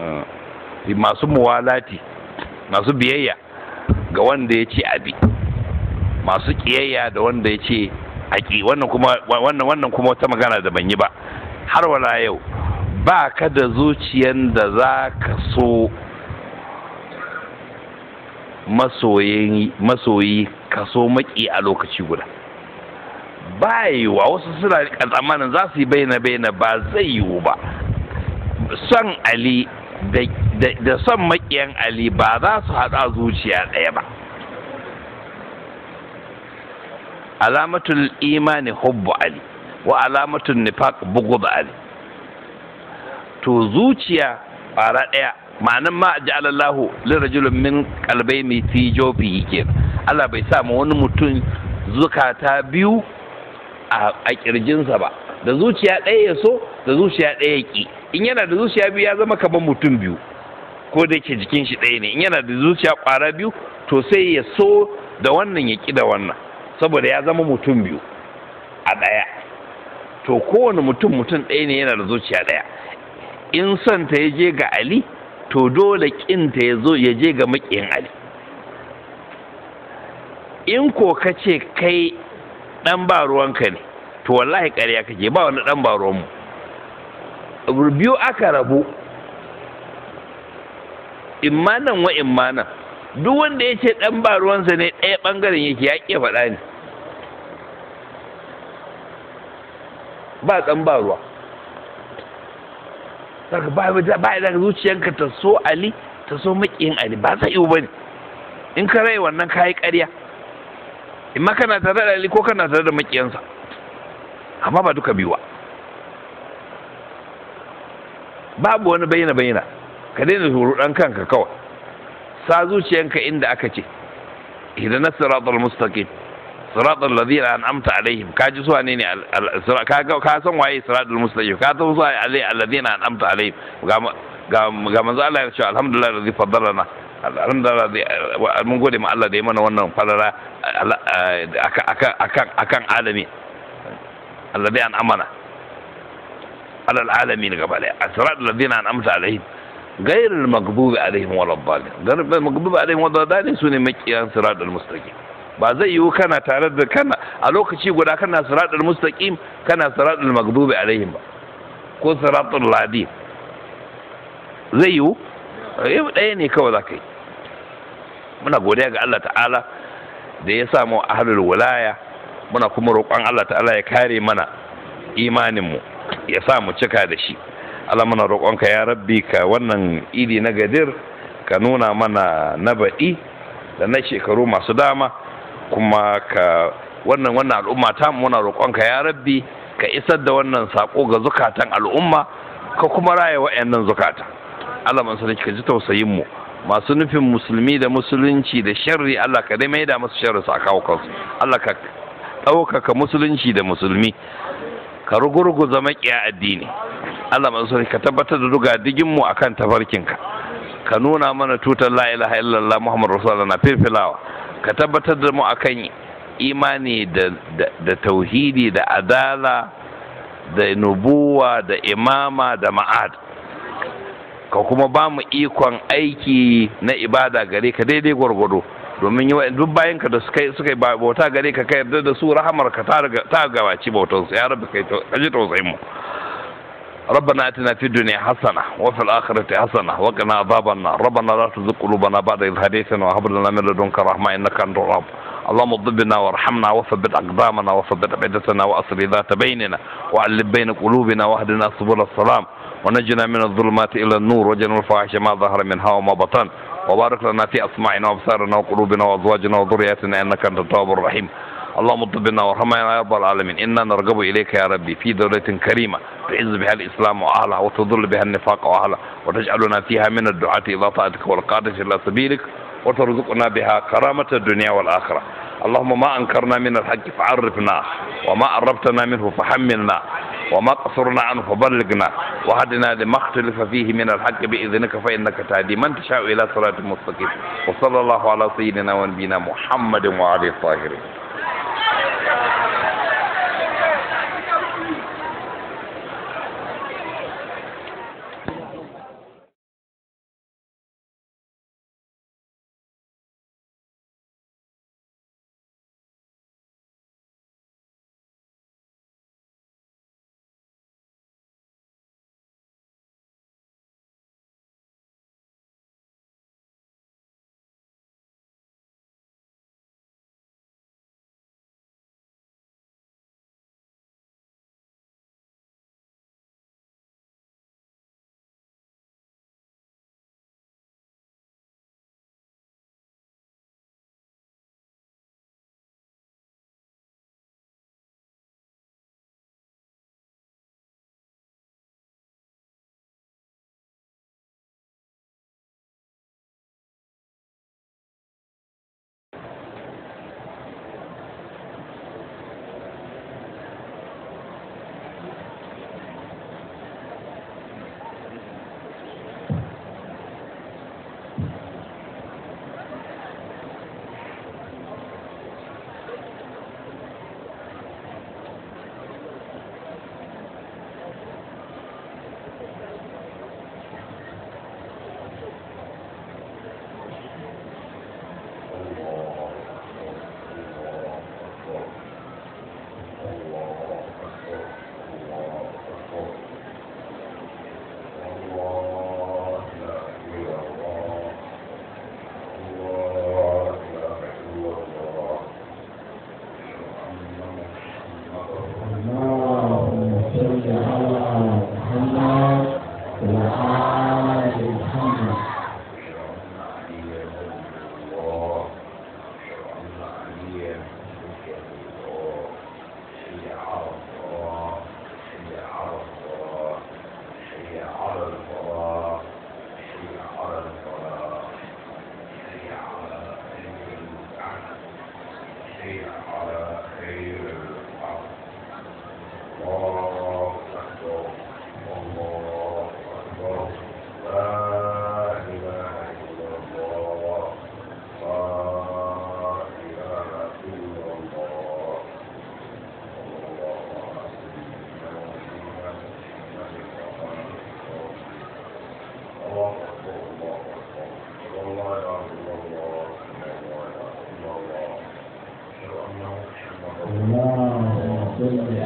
eh, masu muwalati masu biyayya ga wanda ya ce abi masu kiyayya da wanda ya ce aki wannan kuma wannan wata magana da ban yi ba har wala yau ba ka da zuciyan da za ka so masoyi kaso maki a lokaci guda ba yiwuwa wasu suna rika tsammanin za su yi baina baina ba zai yiwu ba son ali da son maƙiyan ali ba za su hada zuciya ɗaya ba alamatul imani hubbu ali wa alamatul nifaq bugu da ali to zuciya fara ɗaya ma'anin ma ja'alallahu lirajulun min kalbai mai fi jofi yake Allah bai sa wani mutum zukata biyu a kirjinsa ba da zuciya ɗaya ya so da zuciya ɗaya ya ƙi in yana da zuciya biyu ya zama kamar mutum biyu ko da yake jikin shi ɗaya ne in yana da zuciya ƙwara biyu to sai ya so da wannan ya ƙi da wannan saboda ya zama mutum biyu a ɗaya to kowane mutum mutum ɗaya ne yana da zuciya ɗaya in son ta ya je ga ali to dole ƙinta ya zo ya je ga maƙiyin ali in ko ka ce kai ɗan ba ruwanka ne to wallahi ƙarya kake ba wani ɗan ba ruwanmu biyu aka rabu Imanan wa imanan duk wanda ya ce ɗan ba ruwansa ne ɗaya ɓangaren yake ya ƙi faɗa ne ba ɗan ba ruwa daga ba ya daga zuciyanka ta so ali ta so maƙiyin ali ba ta iyo ba ne in ka rai wannan kayi ƙarya in ma kana tare da ali ko kana tare da makiyansa amma ba duka biyu ba babu wani bayyana bayyana ka daina dan kanka kawai sa zuciyanka inda aka ce idan na siratul mustaqim siratul ladina an'amta alaihim ka ji suwa ne ne ka san waye siratul mustaqim ka san suwa alai alladina an'amta alaihim ga ga manzo Allah ya ce alhamdulillah radhi faddalana alhamdulillah mun gode ma Allah da ya mana wannan falala eh, akan alami Allah dai an amana alal alamin gaba daya asrar ladina an amsa alaihim غير المغضوب عليهم ولا الضالين غير المغضوب عليهم ولا ne سوني makiyan صراط mustaqim ba zai yiwu kana tare da kana a lokaci guda kana siratul mustaqim kana siratul maghdubi alaihim ba ko siratul ladi zai yiwu yau eh, ɗaya ne kawai za ka yi muna godiya ga Allah ta'ala da ya samu halin wulaya, muna kuma roƙon Allah ta'ala ya kare mana imaninmu ya sa mu cika da shi Allah muna roƙonka ya rabbi ka wannan idi na gadir ka nuna mana na baɗi da na shekaru masu dama kuma ka wannan wannan al'umma ta muna roƙonka ya rabbi ka isar da wannan saƙo ga zukatan al'umma ka kuma raya wa'annan zukata Allah man ka ji tausayin mu masu nufin musulmi da musulunci da sharri Allah ka dai maida musu sharri su a kawo kansu Allah ka ɗaukaka musulunci da musulmi ka rugurgu zama ƙiya addini Allah man ka tabbatar da duga digin mu akan tafarkinka ka nuna mana tutar la ilaha illallah muhammad rasulullah na firfilawa ka tabbatar da mu akan imani da tauhidi da adala da nubuwa da imama da ma'ad ka kuma ba mu ikon aiki na ibada gare ka daidai gwargwado domin yi duk bayan ka da suka suka yi bauta gare ka kai yarda da su rahamar ka ta gabaci bautar su ya rabbi kai ji tausayi mu ربنا اتنا في الدنيا حسنه وفي الاخره حسنه وقنا عذاب النار ربنا لا تزغ قلوبنا بعد اذ هديتنا وهب لنا من لدنك رحمه انك انت الرب اللهم ضبنا وارحمنا وثبت اقدامنا وثبت عبادتنا واصل ذات بيننا وعلب بين قلوبنا واهدنا سبل السلام ونجنا من الظلمات إلى النور وجن الفاحشه ما ظهر منها وما بطن وبارك لنا في أسماعنا وأبصارنا وقلوبنا وأزواجنا وذرياتنا إنك أنت التواب الرحيم اللهم اطبنا وارحمنا يا رب العالمين انا نرغب اليك يا ربي في دولة كريمة تعز بها الاسلام واهلها وتضل بها النفاق واهلها وتجعلنا فيها من الدعاة الى طاعتك والقادة الى سبيلك وترزقنا بها كرامة الدنيا والاخرة اللهم ما انكرنا من الحق فعرفنا وما عرفتنا منه فحملنا وما قصرنا عنه فبلغنا وهدنا لما اختلف فيه من الحق بإذنك فإنك تهدي من تشاء إلى صراط مستقيم وصلى الله على سيدنا ونبينا محمد وعلى الطاهرين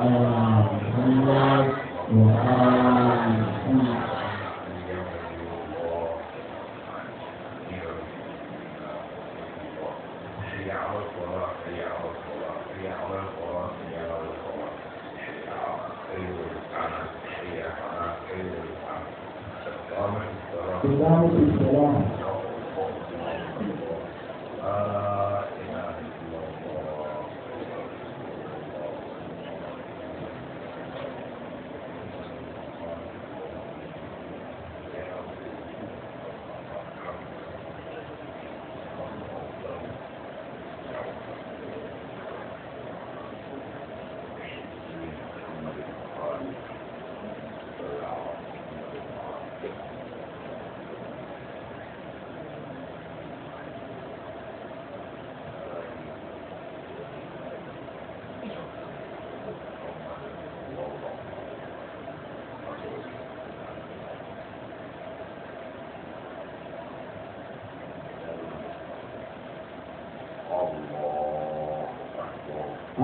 uh,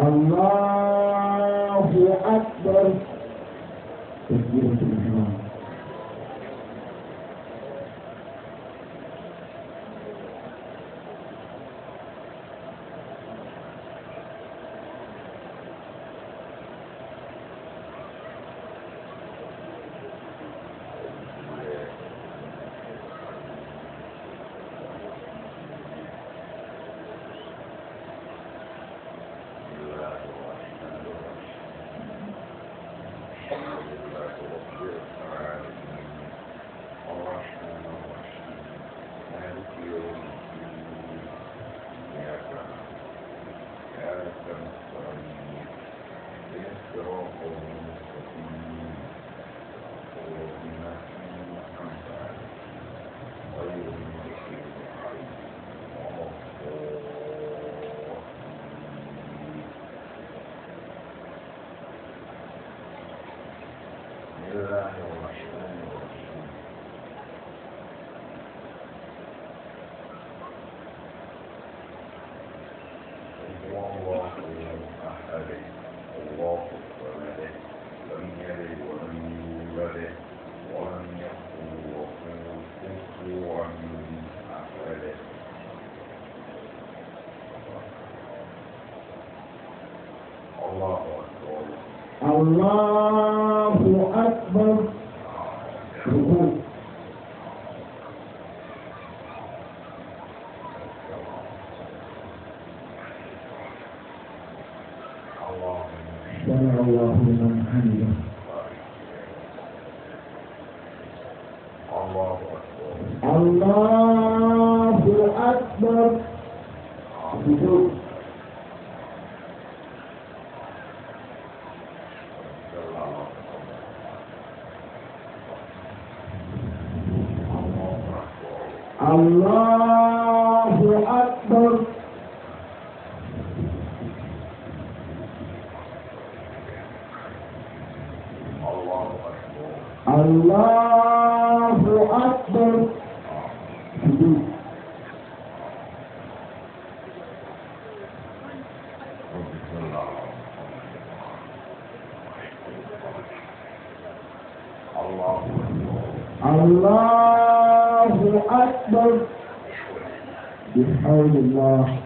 Allah Allah الله أكبر بحول الله